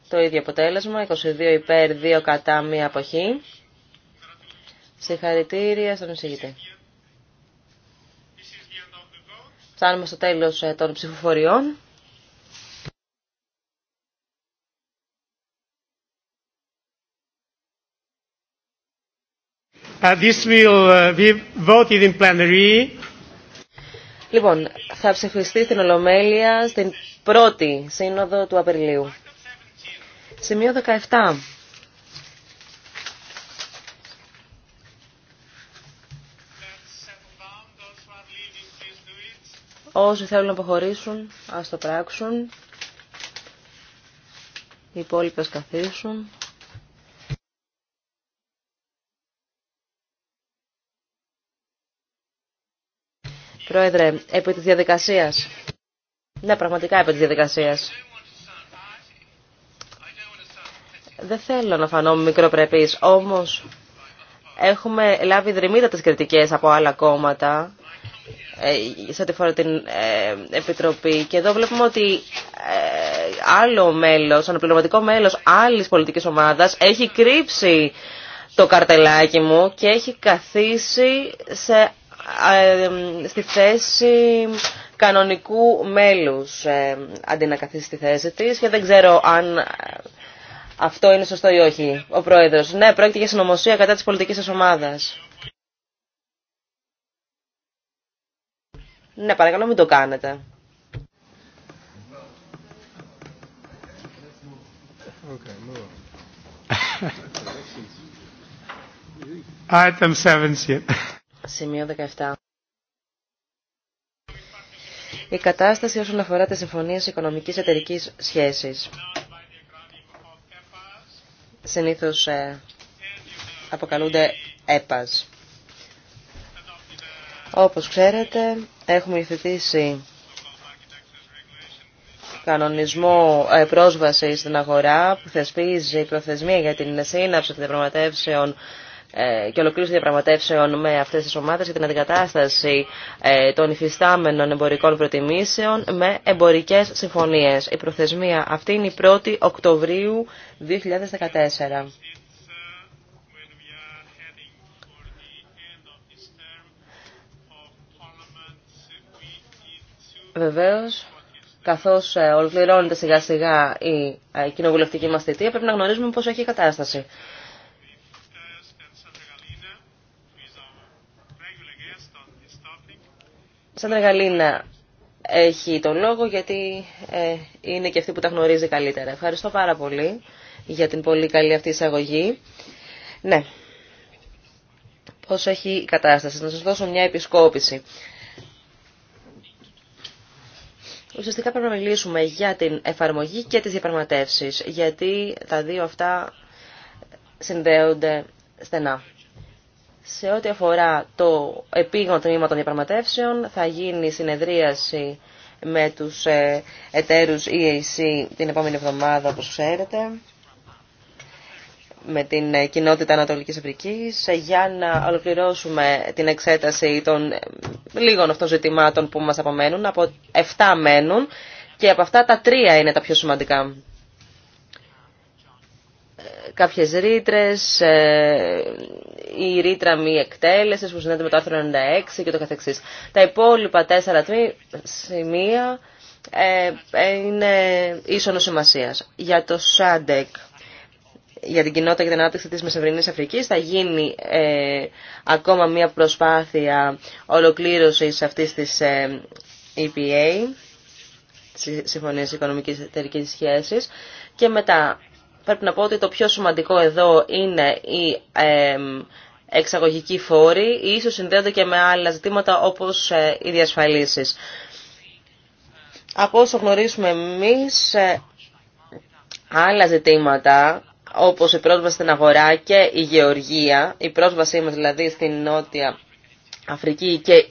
Το ίδιο αποτέλεσμα, 22 υπέρ, 2 κατά, μία αποχή. Συγχαρητήρια στον εισηγητή. Φτάνουμε στο τέλος ε, των ψηφοφοριών. Uh, this uh, voted in plenary. Λοιπόν, θα ψηφιστεί την Ολομέλεια στην πρώτη σύνοδο του Απριλίου. Σημείο 17. Όσοι θέλουν να αποχωρήσουν, ας το πράξουν. Οι υπόλοιπες καθίσουν. Πρόεδρε, επί της διαδικασίας. Ναι, πραγματικά επί της διαδικασίας. Δεν θέλω να φανώ μικροπρεπής, όμως έχουμε λάβει τις κριτικές από άλλα κόμματα ε, σε ό,τι φορά την ε, Επιτροπή και εδώ βλέπουμε ότι ε, άλλο μέλος, αναπληρωματικό μέλος άλλης πολιτικής ομάδας έχει κρύψει το καρτελάκι μου και έχει καθίσει σε ε, στη θέση κανονικού μέλους ε, αντί να καθίσει στη θέση της και δεν ξέρω αν αυτό είναι σωστό ή όχι. Ο Πρόεδρος, ναι, πρόκειται για συνωμοσία κατά της πολιτικής σας ομάδας. Ναι, παρακαλώ μην το κάνετε. Okay, Item 7. Σημείο 17. Η κατάσταση όσον αφορά τις συμφωνίες οικονομικής εταιρικής σχέσης. Συνήθως ε, αποκαλούνται ΕΠΑΣ. Όπως ξέρετε, έχουμε υιοθετήσει κανονισμό ε, πρόσβαση στην αγορά που θεσπίζει προθεσμία για την σύναψη των διαπραγματεύσεων ε, και ολοκλήρωση διαπραγματεύσεων με αυτές τις ομάδες για την αντικατάσταση ε, των υφιστάμενων εμπορικών προτιμήσεων με εμπορικές συμφωνίες. Η προθεσμία αυτή είναι η 1η Οκτωβρίου 2014. Βεβαίως, καθώς ε, ολοκληρώνεται σιγά σιγά η κοινοβουλευτική μας πρέπει να να γνωρίζουμε πώς έχει η κοινοβουλευτικη μα θητεια πρεπει να γνωριζουμε πω εχει η κατασταση Αλεξάνδρα Γαλίνα έχει τον λόγο γιατί ε, είναι και αυτή που τα γνωρίζει καλύτερα. Ευχαριστώ πάρα πολύ για την πολύ καλή αυτή εισαγωγή. Ναι, πώς έχει η κατάσταση. Να σας δώσω μια επισκόπηση. Ουσιαστικά πρέπει να μιλήσουμε για την εφαρμογή και τις διαπραγματεύσεις, γιατί τα δύο αυτά συνδέονται στενά. Σε ό,τι αφορά το επίγον τμήμα των διαπραγματεύσεων, θα γίνει συνεδρίαση με τους ε, εταίρους EAC την επόμενη εβδομάδα, όπως ξέρετε, με την ε, κοινότητα Ανατολικής Αφρικής, ε, για να ολοκληρώσουμε την εξέταση των λίγων αυτών ζητημάτων που μας απομένουν. Από 7 μένουν και από αυτά τα 3 είναι τα πιο σημαντικά κάποιες ρήτρες, ε, η ρήτρα μη εκτέλεσης που συνδέεται με το άρθρο 96 και το καθεξής. Τα υπόλοιπα τέσσερα σημεία ε, είναι ίσονο σημασία. Για το ΣΑΝΤΕΚ, για την κοινότητα και την ανάπτυξη της Μεσευρινής Αφρικής, θα γίνει ε, ακόμα μία προσπάθεια ολοκλήρωσης αυτής της EPA, Συμφωνίας Οικονομικής Εταιρικής Σχέσης, και μετά Πρέπει να πω ότι το πιο σημαντικό εδώ είναι η εξαγωγική φόρη ή ίσως συνδέονται και με άλλα ζητήματα όπως ε, οι διασφαλίσεις. Από όσο γνωρίζουμε εμείς, ε, άλλα ζητήματα όπως η πρόσβαση στην αγορά και η γεωργία, η πρόσβασή μας δηλαδή στην Νότια Αφρική και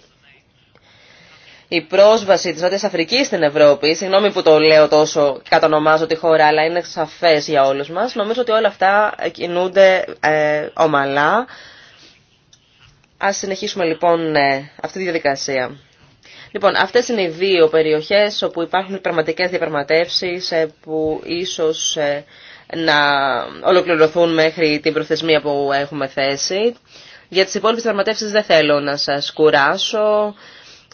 η πρόσβαση της Νότιας Αφρικής στην Ευρώπη, συγγνώμη που το λέω τόσο κατονομάζω τη χώρα, αλλά είναι σαφές για όλους μας, νομίζω ότι όλα αυτά κινούνται ε, ομαλά. Ας συνεχίσουμε λοιπόν ε, αυτή τη διαδικασία. Λοιπόν, αυτές είναι οι δύο περιοχές όπου υπάρχουν πραγματικές διαπραγματεύσεις ε, που ίσως ε, να ολοκληρωθούν μέχρι την προθεσμία που έχουμε θέσει. Για τις υπόλοιπες διαπραγματεύσεις δεν θέλω να σας κουράσω.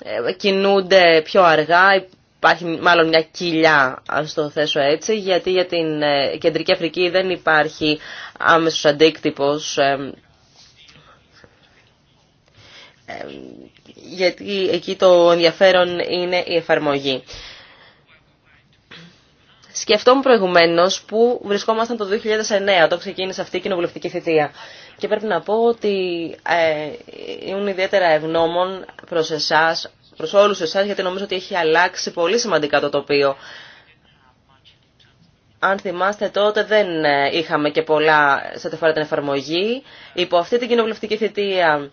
Ε, κινούνται πιο αργά, υπάρχει μάλλον μια κοιλιά, αν το θέσω έτσι, γιατί για την ε, Κεντρική Αφρική δεν υπάρχει άμεσος αντίκτυπος γιατί εκεί το ενδιαφέρον είναι η εφαρμογή. Σκεφτόμουν προηγουμένω που βρισκόμασταν το 2009, όταν ξεκίνησε αυτή η κοινοβουλευτική θητεία και πρέπει να πω ότι ε, ήμουν ιδιαίτερα ευγνώμων προς εσάς, προς όλους εσάς, γιατί νομίζω ότι έχει αλλάξει πολύ σημαντικά το τοπίο. Αν θυμάστε τότε δεν ε, είχαμε και πολλά σε ό,τι αφορά την εφαρμογή. Υπό αυτή την κοινοβουλευτική θητεία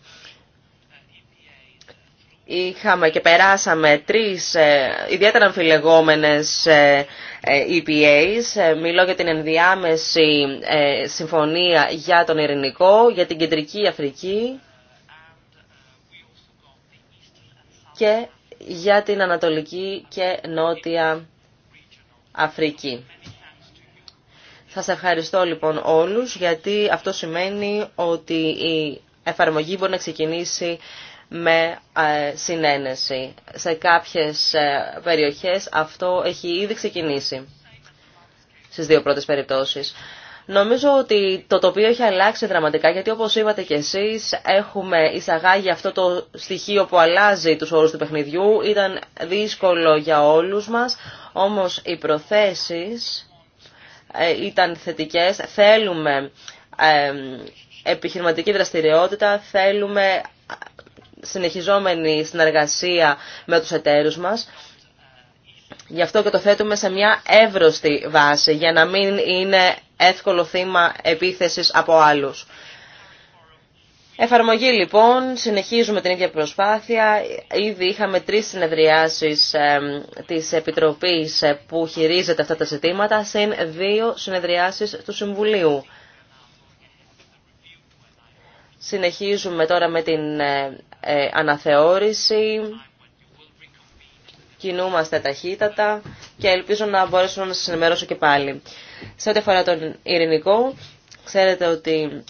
είχαμε και περάσαμε τρεις ε, ιδιαίτερα αμφιλεγόμενες ε, ε, EPAs. Μιλώ για την ενδιάμεση συμφωνία για τον Ειρηνικό, για την Κεντρική Αφρική και για την Ανατολική και Νότια Αφρική. Σας ευχαριστώ λοιπόν όλους γιατί αυτό σημαίνει ότι η εφαρμογή μπορεί να ξεκινήσει με ε, συνένεση. Σε κάποιες ε, περιοχές αυτό έχει ήδη ξεκινήσει στις δύο πρώτες περιπτώσεις. Νομίζω ότι το τοπίο έχει αλλάξει δραματικά γιατί όπως είπατε και εσείς έχουμε εισαγάγει αυτό το στοιχείο που αλλάζει τους όρους του παιχνιδιού. Ήταν δύσκολο για όλους μας, όμως οι προθέσεις ε, ήταν θετικές. Θέλουμε επιχειρηματική δραστηριότητα, θέλουμε συνεχιζόμενη συνεργασία με τους εταίρους μας. Γι' αυτό και το θέτουμε σε μια εύρωστη βάση, για να μην είναι εύκολο θύμα επίθεσης από άλλους. Εφαρμογή λοιπόν, συνεχίζουμε την ίδια προσπάθεια. Ήδη είχαμε τρεις συνεδριάσεις της Επιτροπής ε, που χειρίζεται αυτά τα ζητήματα, συν δύο συνεδριάσεις του Συμβουλίου. Συνεχίζουμε τώρα με την ε, ε, αναθεώρηση. Κινούμαστε ταχύτατα και ελπίζω να μπορέσω να σας ενημερώσω και πάλι. Σε ό,τι αφορά τον ειρηνικό, ξέρετε ότι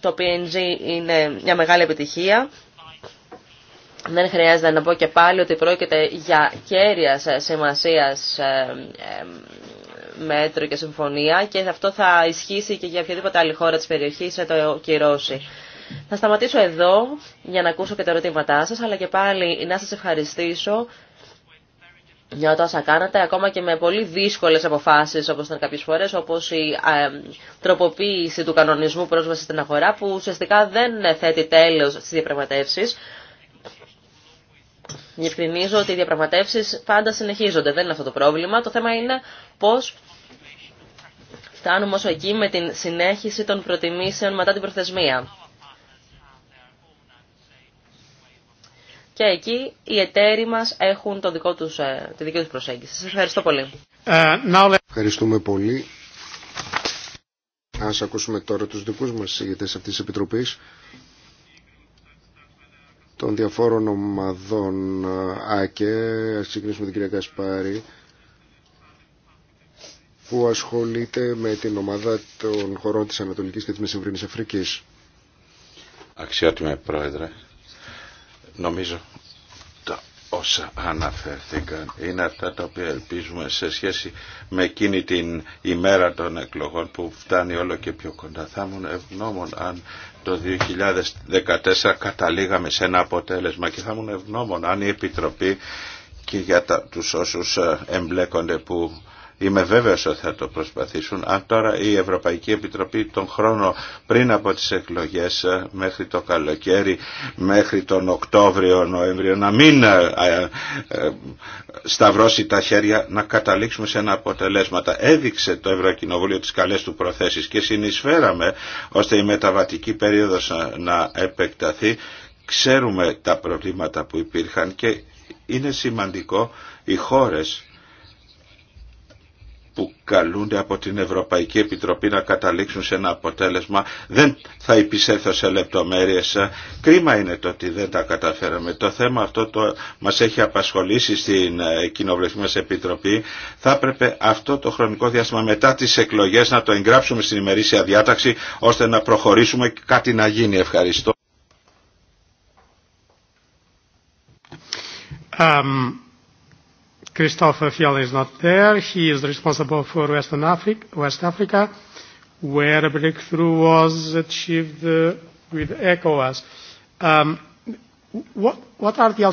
το PNG είναι μια μεγάλη επιτυχία. Δεν χρειάζεται να πω και πάλι ότι πρόκειται για κέρια σημασίας ε, μέτρο και συμφωνία και αυτό θα ισχύσει και για οποιαδήποτε άλλη χώρα της περιοχής θα το κυρώσει. Θα σταματήσω εδώ για να ακούσω και τα ερωτήματά σας, αλλά και πάλι να σας ευχαριστήσω για όσα κάνατε, ακόμα και με πολύ δύσκολες αποφάσεις όπως ήταν κάποιες φορές, όπως η τροποποίηση του κανονισμού πρόσβαση στην αγορά, που ουσιαστικά δεν θέτει τέλος στις διαπραγματεύσεις. Διευκρινίζω ότι οι διαπραγματεύσεις πάντα συνεχίζονται, δεν είναι αυτό το πρόβλημα. Το θέμα είναι πώς φτάνουμε όσο εκεί με την συνέχιση των προτιμήσεων μετά την προθεσμία. Και εκεί οι εταίροι μας έχουν το δικό τους, ε, τη δική τους προσέγγιση. Σας ευχαριστώ πολύ. Ε, Ευχαριστούμε πολύ. Ας ακούσουμε τώρα τους δικούς μας συγγετές αυτής της Επιτροπής των διαφόρων ομάδων ΑΚΕ. Ας ξεκινήσουμε την κυρία Κασπάρη που ασχολείται με την ομάδα των χωρών της Ανατολικής και της Μεσημβρίνης Αφρικής. Αξιότιμε Πρόεδρε, νομίζω τα όσα αναφερθήκαν είναι αυτά τα οποία ελπίζουμε σε σχέση με εκείνη την ημέρα των εκλογών που φτάνει όλο και πιο κοντά. Θα ήμουν ευγνώμων αν το 2014 καταλήγαμε σε ένα αποτέλεσμα και θα ήμουν ευγνώμων αν η Επιτροπή και για τα, τους όσους ε, εμπλέκονται που Είμαι βέβαιος ότι θα το προσπαθήσουν. Αν τώρα η Ευρωπαϊκή Επιτροπή τον χρόνο πριν από τις εκλογές ε, μέχρι το καλοκαίρι, μέχρι τον Οκτώβριο, Νοέμβριο, να μην ε, ε, σταυρώσει τα χέρια, να καταλήξουμε σε ένα αποτελέσματα. Έδειξε το Ευρωκοινοβούλιο τις καλές του προθέσεις και συνεισφέραμε ώστε η μεταβατική περίοδος να επεκταθεί. Ξέρουμε τα προβλήματα που υπήρχαν και είναι σημαντικό οι χώρες που καλούνται από την Ευρωπαϊκή Επιτροπή να καταλήξουν σε ένα αποτέλεσμα. Δεν θα υπησέθω σε λεπτομέρειες. Κρίμα είναι το ότι δεν τα καταφέραμε. Το θέμα αυτό το μας έχει απασχολήσει στην ε, Κοινοβουλευτική μας Επιτροπή. Θα έπρεπε αυτό το χρονικό διάστημα μετά τις εκλογές να το εγγράψουμε στην ημερήσια διάταξη ώστε να προχωρήσουμε και κάτι να γίνει. Ευχαριστώ. Um... Christopher Fiala is not there. He is responsible for Western Africa, West Africa, where a breakthrough was achieved with ECOWAS. Um, what, what are the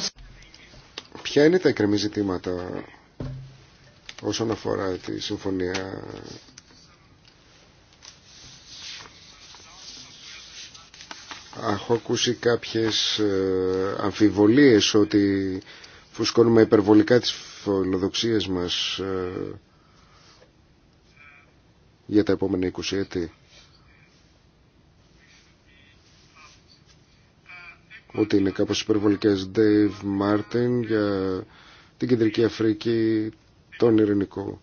Ποια είναι τα εκκρεμή ζητήματα όσον αφορά τη συμφωνία Έχω ακούσει κάποιες αμφιβολίες ότι φουσκώνουμε υπερβολικά τις φιλοδοξίες μας ε, για τα επόμενα 20 έτη. Ότι είναι κάπως υπερβολικές Dave Martin για την Κεντρική Αφρική, τον Ειρηνικό.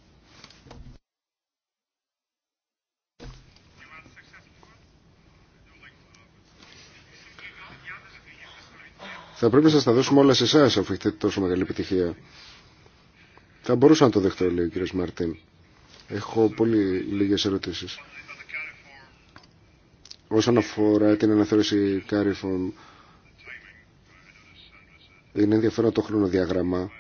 Θα πρέπει να σας τα δώσουμε όλα σε εσά αφού έχετε τόσο μεγάλη επιτυχία. Θα μπορούσα να το δεχτώ, λέει ο κύριος Μαρτίν. Έχω πολύ λίγες ερωτήσει. Όσον αφορά την αναθεώρηση Κάριφων, είναι ενδιαφέρον το χρονοδιάγραμμα.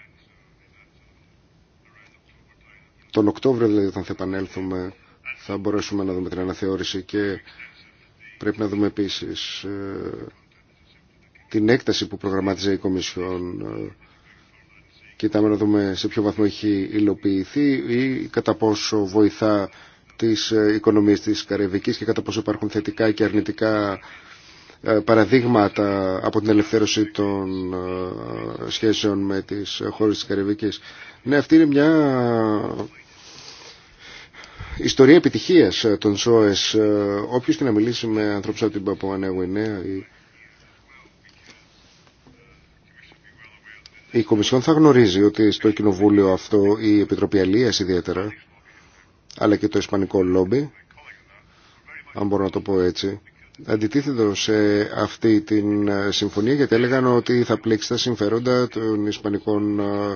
Τον Οκτώβριο δηλαδή όταν θα επανέλθουμε θα μπορέσουμε να δούμε την αναθεώρηση και πρέπει να δούμε επίσης ε, την έκταση που προγραμματίζει η Κομισιόν ε, κοιτάμε να δούμε σε ποιο βαθμό έχει υλοποιηθεί ή κατά πόσο βοηθά τις ε, οικονομίες της Καραϊβικής και κατά πόσο υπάρχουν θετικά και αρνητικά ε, παραδείγματα από την ελευθέρωση των ε, σχέσεων με τις χώρες της Καραϊβικής. Ναι, αυτή είναι μια ιστορία επιτυχίας των ΣΟΕΣ. Όποιος την να μιλήσει με ανθρώπους από την Παπουανέου ή η Κομισιόν θα γνωρίζει ότι στο Κοινοβούλιο αυτό η Επιτροπή Αλίας ιδιαίτερα αλλά και το Ισπανικό Λόμπι αν μπορώ να το πω έτσι αντιτίθετο σε αυτή την συμφωνία γιατί έλεγαν ότι θα πλήξει τα συμφέροντα των Ισπανικών ε,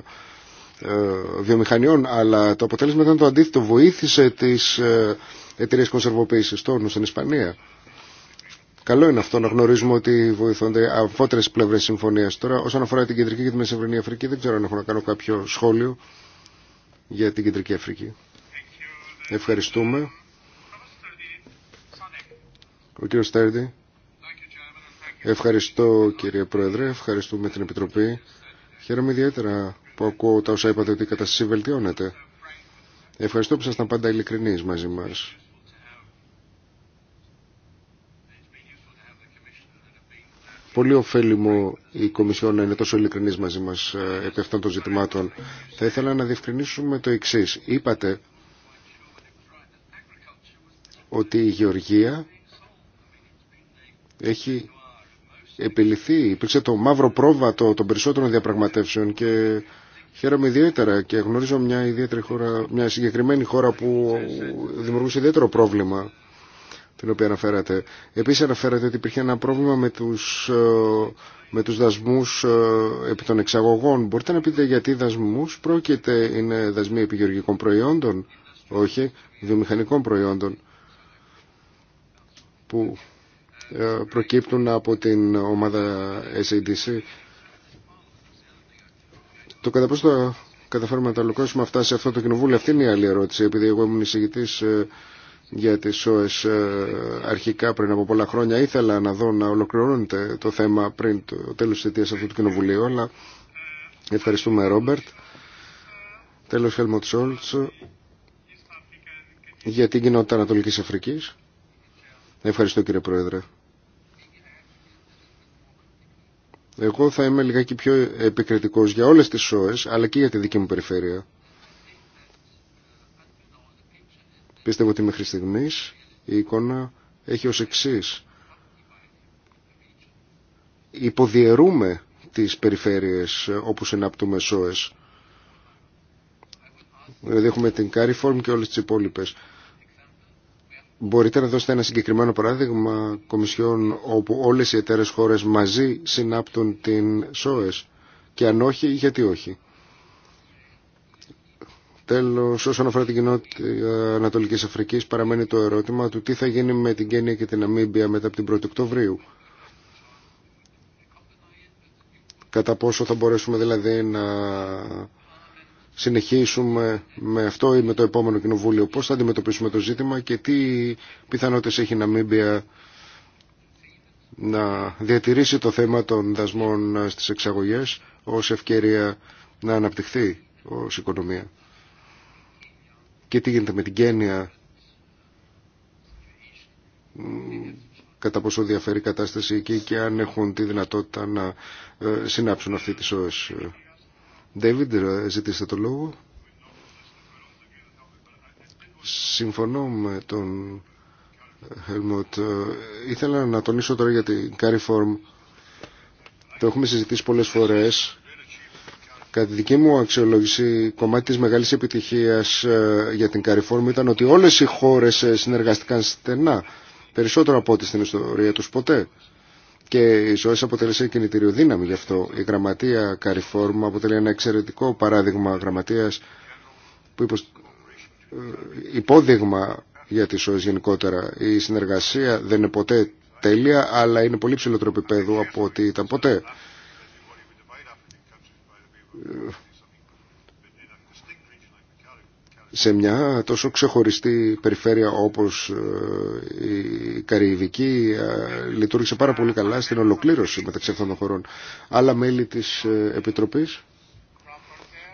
ε, βιομηχανιών αλλά το αποτέλεσμα ήταν το αντίθετο βοήθησε τις ε, εταιρείες κονσερβοποίησης τόνου στην Ισπανία Καλό είναι αυτό να γνωρίζουμε ότι βοηθούνται αφότερε πλευρέ συμφωνία. Τώρα, όσον αφορά την Κεντρική και τη Μεσαιβρινή Αφρική, δεν ξέρω αν έχω να κάνω κάποιο σχόλιο για την Κεντρική Αφρική. Ευχαριστούμε. Ο κύριο Στέρντι. Ευχαριστώ κύριε Πρόεδρε, ευχαριστούμε την Επιτροπή. Χαίρομαι ιδιαίτερα που ακούω τα όσα είπατε ότι η κατάσταση βελτιώνεται. Ευχαριστώ που ήσασταν πάντα ειλικρινεί μαζί μα. πολύ ωφέλιμο η Κομισιόν να είναι τόσο ειλικρινής μαζί μας ε, επί αυτών των ζητημάτων. Θα ήθελα να διευκρινίσουμε το εξής. Είπατε ότι η Γεωργία έχει επιληθεί. Υπήρξε το μαύρο πρόβατο των περισσότερων διαπραγματεύσεων και χαίρομαι ιδιαίτερα και γνωρίζω μια, ιδιαίτερη χώρα, μια συγκεκριμένη χώρα που δημιουργούσε ιδιαίτερο πρόβλημα την οποία αναφέρατε. Επίσης αναφέρατε ότι υπήρχε ένα πρόβλημα με τους, ε, με τους δασμούς ε, επί των εξαγωγών. Μπορείτε να πείτε γιατί δασμούς πρόκειται, είναι δασμοί επιγεωργικών προϊόντων, όχι, βιομηχανικών προϊόντων που ε, προκύπτουν από την ομάδα SADC. Το κατά πώς το καταφέρουμε να τα αυτά σε αυτό το κοινοβούλιο, αυτή είναι η άλλη ερώτηση, επειδή εγώ ήμουν εισηγητής για τις ΣΟΕΣ ε, αρχικά πριν από πολλά χρόνια. Ήθελα να δω να ολοκληρώνεται το θέμα πριν το τέλος της θητείας αυτού του κοινοβουλίου, αλλά ευχαριστούμε Ρόμπερτ. Τέλος Χέλμοντ Σόλτς για την κοινότητα Ανατολικής Αφρικής. Ευχαριστώ κύριε Πρόεδρε. Εγώ θα είμαι λιγάκι πιο επικριτικός για όλες τις ΣΟΕΣ, αλλά και για τη δική μου περιφέρεια. Πιστεύω ότι μέχρι στιγμή η εικόνα έχει ως εξή. Υποδιαιρούμε τις περιφέρειες όπου συνάπτουμε ΣΟΕΣ. Δηλαδή έχουμε την Κάριφόρμ και όλες τις υπόλοιπες. Μπορείτε να δώσετε ένα συγκεκριμένο παράδειγμα κομισιών όπου όλες οι εταίρες χώρες μαζί συνάπτουν την ΣΟΕΣ και αν όχι γιατί όχι. Τέλος, όσον αφορά την κοινότητα Ανατολικής Αφρικής, παραμένει το ερώτημα του τι θα γίνει με την Κένια και την Αμίμπια μετά από την 1η Οκτωβρίου. Κατά πόσο θα μπορέσουμε δηλαδή να συνεχίσουμε με αυτό ή με το επόμενο κοινοβούλιο. Πώς θα αντιμετωπίσουμε το ζήτημα και τι πιθανότητες έχει η Ναμίμπια να διατηρήσει το θέμα των δασμών στις εξαγωγές ως ευκαιρία να αναπτυχθεί ως οικονομία και τι γίνεται με την Κένια κατά πόσο διαφέρει η κατάσταση εκεί και αν έχουν τη δυνατότητα να ε, συνάψουν αυτή τη ΣΟΕΣ. Δέιβιντ, ε, ζητήστε το λόγο. Συμφωνώ με τον Χέλμοντ. Ε, ήθελα να τονίσω τώρα για την Cariform. Το έχουμε συζητήσει πολλές φορές Κατά τη δική μου αξιολόγηση, κομμάτι της μεγάλης επιτυχίας ε, για την Καριφόρμου ήταν ότι όλες οι χώρες ε, συνεργαστηκαν στενά, περισσότερο από ό,τι στην ιστορία τους ποτέ. Και η ΣΟΕΣ αποτέλεσε κινητήριο δύναμη γι' αυτό. Η γραμματεία Καριφόρμ αποτελεί ένα εξαιρετικό παράδειγμα γραμματείας που υποσ... Ε, υπόδειγμα για τη ΣΟΕΣ γενικότερα. Η συνεργασία δεν είναι ποτέ τέλεια, αλλά είναι πολύ ψηλότερο επίπεδο από ό,τι ήταν ποτέ σε μια τόσο ξεχωριστή περιφέρεια όπως ε, η Καραϊβική ε, λειτουργήσε πάρα πολύ καλά στην ολοκλήρωση μεταξύ αυτών των χωρών. Άλλα μέλη της ε, Επιτροπής,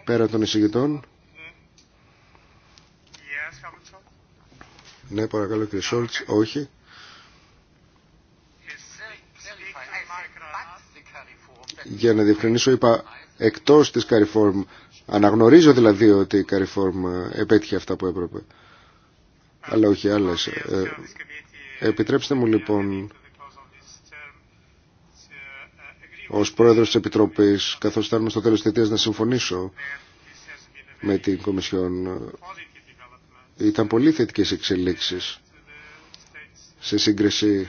πέρα των εισηγητών. Ναι, παρακαλώ κύριε Σόλτς, όχι. Για να διευκρινίσω είπα εκτός της Καριφόρμ. Αναγνωρίζω δηλαδή ότι η Καριφόρμ ε, επέτυχε αυτά που έπρεπε, αλλά όχι άλλες. Ε, επιτρέψτε μου λοιπόν ως πρόεδρος της Επιτροπής, καθώς ήταν στο τέλος της να συμφωνήσω με την Κομισιόν. Ήταν πολύ θετικές εξελίξεις σε σύγκριση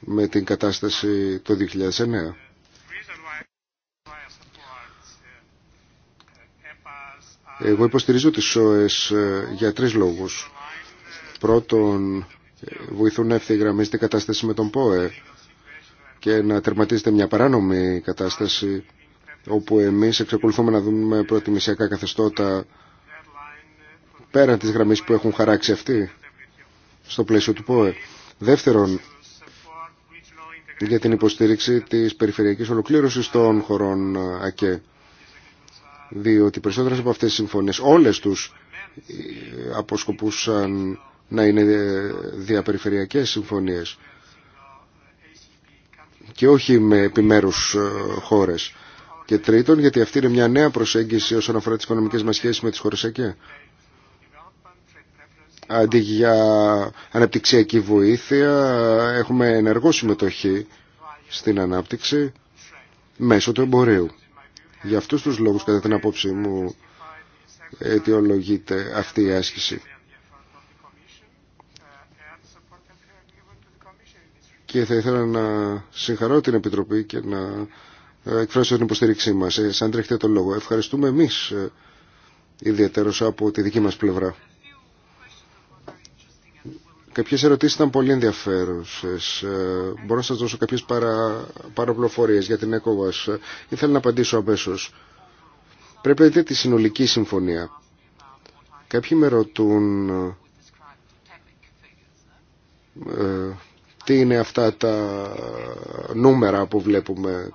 με την κατάσταση το 2009. Εγώ υποστηρίζω τις ΣΟΕΣ ε, για τρεις λόγους. Πρώτον, βοηθούν να ευθυγραμμίζεται η κατάσταση με τον ΠΟΕ και να τερματίζεται μια παράνομη κατάσταση όπου εμείς εξακολουθούμε να δούμε προτιμησιακά καθεστώτα πέραν της γραμμής που έχουν χαράξει αυτοί στο πλαίσιο του ΠΟΕ. Δεύτερον, για την υποστήριξη της περιφερειακής ολοκλήρωσης των χωρών ΑΚΕ διότι περισσότερες από αυτές τις συμφωνίες, όλες τους ε, αποσκοπούσαν να είναι ε, διαπεριφερειακές συμφωνίες και όχι με επιμέρους ε, χώρες. Και τρίτον, γιατί αυτή είναι μια νέα προσέγγιση όσον αφορά τις οικονομικές μας σχέσεις με τις χώρες ΑΚΕ. Αντί για αναπτυξιακή βοήθεια, έχουμε ενεργό συμμετοχή στην ανάπτυξη μέσω του εμπορίου. Για αυτούς τους λόγους, κατά την απόψη μου, αιτιολογείται αυτή η άσκηση. Και θα ήθελα να συγχαρώ την Επιτροπή και να ε, εκφράσω την υποστήριξή μας. Ε, σαν τρέχετε τον λόγο. Ευχαριστούμε εμείς ε, ιδιαίτερος από τη δική μας πλευρά. Κάποιες ερωτήσεις ήταν πολύ ενδιαφέρουσες. Ε, μπορώ να σας δώσω κάποιες παρα, παραπληροφορίες για την Ε, Ήθελα να απαντήσω αμέσως. Πρέπει να δείτε τη συνολική συμφωνία. Κάποιοι με ρωτούν ε, τι είναι αυτά τα νούμερα που βλέπουμε.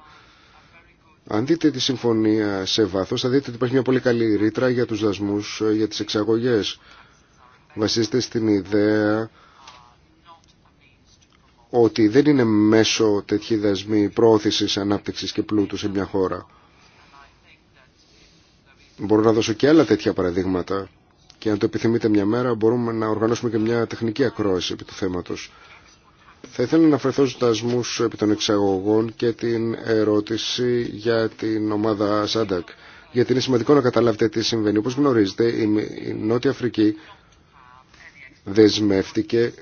Αν δείτε τη συμφωνία σε βάθος θα δείτε ότι υπάρχει μια πολύ καλή ρήτρα για τους δασμούς, ε, για τις εξαγωγές. Βασίζεται στην ιδέα ότι δεν είναι μέσω τέτοιοι δασμοί πρόωθησης ανάπτυξης και πλούτου σε μια χώρα. Μπορώ να δώσω και άλλα τέτοια παραδείγματα και αν το επιθυμείτε μια μέρα μπορούμε να οργανώσουμε και μια τεχνική ακρόαση επί του θέματος. Θα ήθελα να αναφερθώ στους δασμούς επί των εξαγωγών και την ερώτηση για την ομάδα Σάντακ. Γιατί είναι σημαντικό να καταλάβετε τι συμβαίνει. Όπως γνωρίζετε η Νότια Αφρική δεσμεύτηκε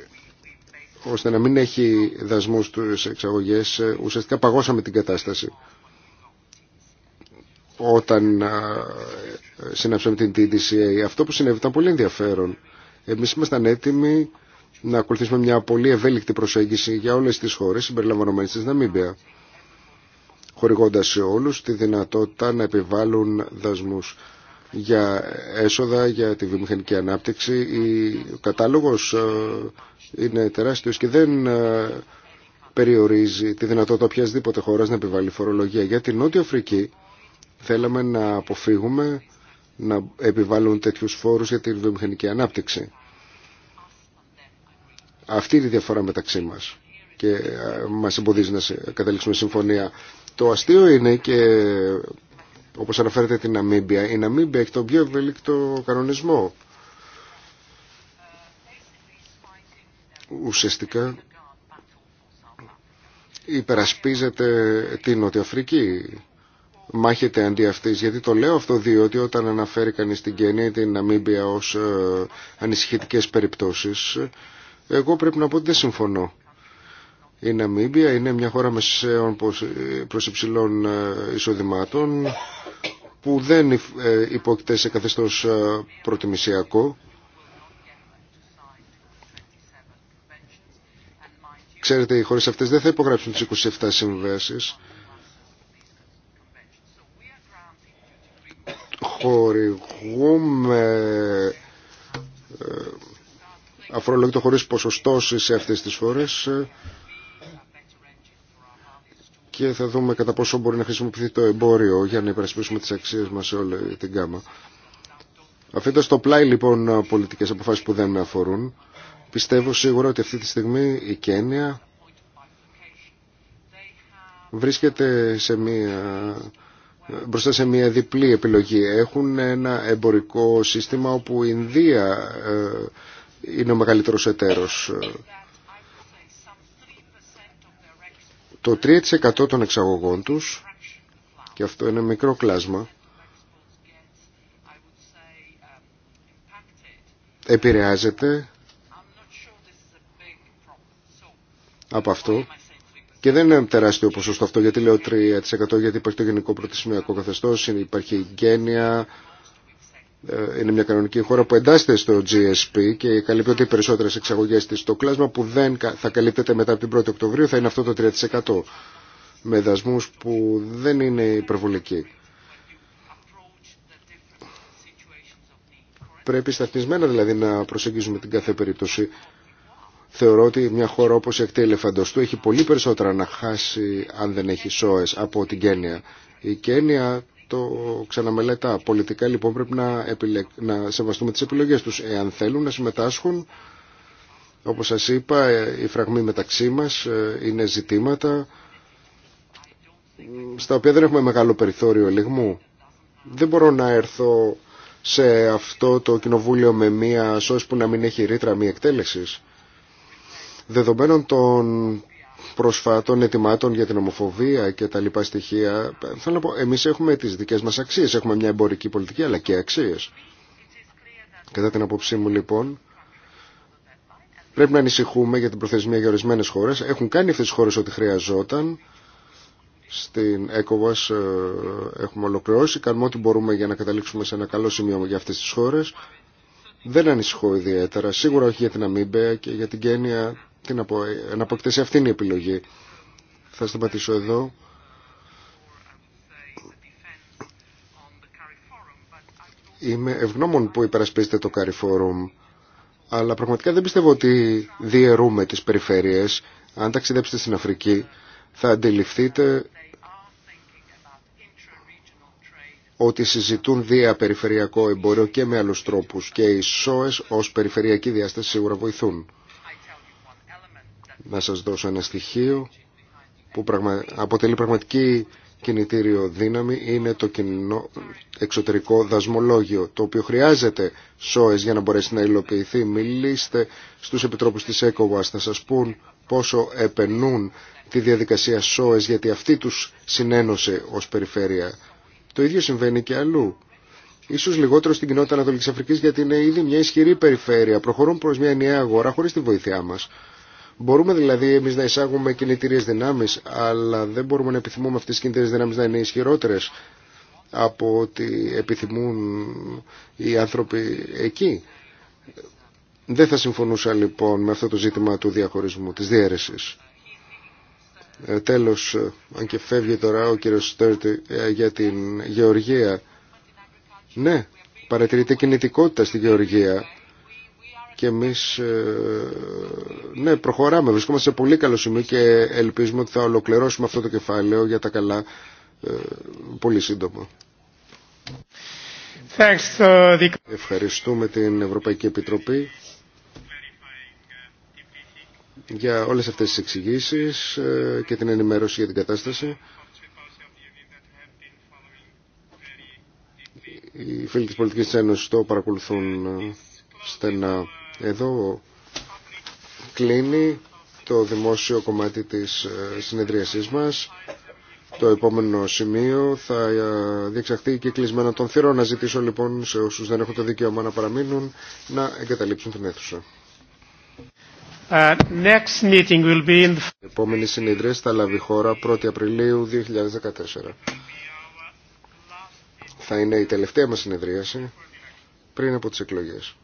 ώστε να μην έχει δασμούς στις εξαγωγές, ε, ουσιαστικά παγώσαμε την κατάσταση. Όταν συνάψαμε την TDCA, αυτό που συνέβη ήταν πολύ ενδιαφέρον. Εμείς ήμασταν έτοιμοι να ακολουθήσουμε μια πολύ ευέλικτη προσέγγιση για όλες τις χώρες, συμπεριλαμβανομένες της Ναμίμπια, χορηγώντας σε όλους τη δυνατότητα να επιβάλλουν δασμούς για έσοδα, για τη βιομηχανική ανάπτυξη. Ο κατάλογος ε, είναι τεράστιος και δεν ε, περιορίζει τη δυνατότητα οποιασδήποτε χώρας να επιβάλλει φορολογία. Για την Νότια Αφρική θέλαμε να αποφύγουμε να επιβάλλουν τέτοιους φόρους για την βιομηχανική ανάπτυξη. Αυτή είναι η διαφορά μεταξύ μας και ε, μας εμποδίζει να καταλήξουμε συμφωνία. Το αστείο είναι και όπως αναφέρεται την Ναμίμπια, η Ναμίμπια έχει τον πιο ευελίκτο κανονισμό ουσιαστικά υπερασπίζεται την Νότια Αφρική. Μάχεται αντί αυτής. Γιατί το λέω αυτό διότι όταν αναφέρει κανείς την Κένια ή την Ναμίμπια ως ε, ανησυχητικές περιπτώσεις, εγώ πρέπει να πω ότι δεν συμφωνώ. Η Ναμίμπια είναι μια χώρα μεσαίων προς υψηλών ε, εισοδημάτων που δεν ε, υπόκειται σε καθεστώς ε, προτιμησιακό Ξέρετε, οι χώρες αυτές δεν θα υπογράψουν τις 27 συμβάσεις. Χορηγούμε ε, αφορολόγητο χωρίς ποσοστό σε αυτές τις φορές ε, και θα δούμε κατά πόσο μπορεί να χρησιμοποιηθεί το εμπόριο για να υπερασπίσουμε τις αξίες μας σε όλη την γάμα. Αφήντα το πλάι λοιπόν πολιτικές αποφάσεις που δεν με αφορούν, Πιστεύω σίγουρα ότι αυτή τη στιγμή η Κένια βρίσκεται σε μία, μπροστά σε μια διπλή επιλογή. Έχουν ένα εμπορικό σύστημα όπου η Ινδία ε, είναι ο μεγαλύτερος εταίρος. Το 3% των εξαγωγών τους, και αυτό είναι μικρό κλάσμα, επηρεάζεται από αυτό. Και δεν είναι τεράστιο ποσοστό αυτό, γιατί λέω 3% γιατί υπάρχει το γενικό πρωτοσημιακό καθεστώ, υπάρχει η γένεια, ε, είναι μια κανονική χώρα που εντάσσεται στο GSP και καλύπτει ότι οι περισσότερε εξαγωγέ τη. στο κλάσμα που δεν θα καλύπτεται μετά από την 1η Οκτωβρίου θα είναι αυτό το 3% με δασμού που δεν είναι υπερβολικοί. Πρέπει σταθμισμένα δηλαδή να προσεγγίζουμε την κάθε περίπτωση. Θεωρώ ότι μια χώρα όπως η ακτή ελεφαντοστού έχει πολύ περισσότερα να χάσει αν δεν έχει ΣΟΕΣ από την Κένια. Η Κένια το ξαναμελετά. Πολιτικά λοιπόν πρέπει να, επιλε... να σεβαστούμε τις επιλογές τους. Εάν θέλουν να συμμετάσχουν, όπως σας είπα, ε, οι φραγμή μεταξύ μας ε, είναι ζητήματα στα οποία δεν έχουμε μεγάλο περιθώριο λιγμού. Δεν μπορώ να έρθω σε αυτό το κοινοβούλιο με μία σώση που να μην έχει ρήτρα μη εκτέλεσης. Δεδομένων των προσφάτων ετοιμάτων για την ομοφοβία και τα λοιπά στοιχεία, θέλω να πω, εμείς έχουμε τις δικές μας αξίες, έχουμε μια εμπορική πολιτική αλλά και αξίες. Κατά την απόψή μου λοιπόν, πρέπει να ανησυχούμε για την προθεσμία για ορισμένε χώρες. Έχουν κάνει αυτές τις χώρες ό,τι χρειαζόταν. Στην ΕΚΟΒΑΣ έχουμε ολοκληρώσει, κάνουμε ό,τι μπορούμε για να καταλήξουμε σε ένα καλό σημείο για αυτές τις χώρες. Δεν ανησυχώ ιδιαίτερα, σίγουρα όχι για την Αμίμπεα και για την Κένια τι να πω, να αυτή η επιλογή. Θα σταματήσω εδώ. Είμαι ευγνώμων που υπερασπίζετε το καριφόρομ, αλλά πραγματικά δεν πιστεύω ότι διαιρούμε τις περιφέρειες. Αν ταξιδέψετε στην Αφρική, θα αντιληφθείτε ότι συζητούν διαπεριφερειακό εμπόριο και με άλλους τρόπους και οι ΣΟΕΣ ως περιφερειακή διάσταση σίγουρα βοηθούν να σας δώσω ένα στοιχείο που πραγμα... αποτελεί πραγματική κινητήριο δύναμη είναι το κοινό εξωτερικό δασμολόγιο, το οποίο χρειάζεται ΣΟΕΣ για να μπορέσει να υλοποιηθεί. Μιλήστε στους επιτρόπους της ΕΚΟΒΑΣ, θα σας πούν πόσο επενούν τη διαδικασία ΣΟΕΣ, γιατί αυτή τους συνένωσε ως περιφέρεια. Το ίδιο συμβαίνει και αλλού. Ίσως λιγότερο στην κοινότητα Ανατολικής Αφρικής, γιατί είναι ήδη μια ισχυρή περιφέρεια. Προχωρούν προς μια ενιαία αγορά χωρίς τη βοήθειά μας. Μπορούμε δηλαδή εμεί να εισάγουμε κινητήριε δυνάμει, αλλά δεν μπορούμε να επιθυμούμε αυτές τι κινητήριε δυνάμεις να είναι ισχυρότερε από ό,τι επιθυμούν οι άνθρωποι εκεί. Δεν θα συμφωνούσα λοιπόν με αυτό το ζήτημα του διαχωρισμού, της διαίρεσης. Ε, τέλος, αν και φεύγει τώρα ο κύριος Στέρτη ε, για την Γεωργία. Ναι, παρατηρείται κινητικότητα στη Γεωργία και εμείς ε, ναι, προχωράμε, βρισκόμαστε σε πολύ καλό σημείο και ελπίζουμε ότι θα ολοκληρώσουμε αυτό το κεφάλαιο για τα καλά ε, πολύ σύντομα. Ε, Ευχαριστούμε την Ευρωπαϊκή Επιτροπή για όλες αυτές τις εξηγήσεις και την ενημέρωση για την κατάσταση. Οι φίλοι της Πολιτικής Ένωσης το παρακολουθούν στενά. Εδώ κλείνει το δημόσιο κομμάτι της ε, συνεδρίασής μας. Το επόμενο σημείο θα ε, διεξαχθεί και κλεισμένο των θυρών. Να ζητήσω λοιπόν σε όσους δεν έχουν το δικαίωμα να παραμείνουν να εγκαταλείψουν την αίθουσα. Ε, next meeting will be in... Η επόμενη συνεδρία θα λάβει χώρα 1η Απριλίου 2014. Θα είναι η τελευταία μας συνεδρίαση πριν από τις εκλογές.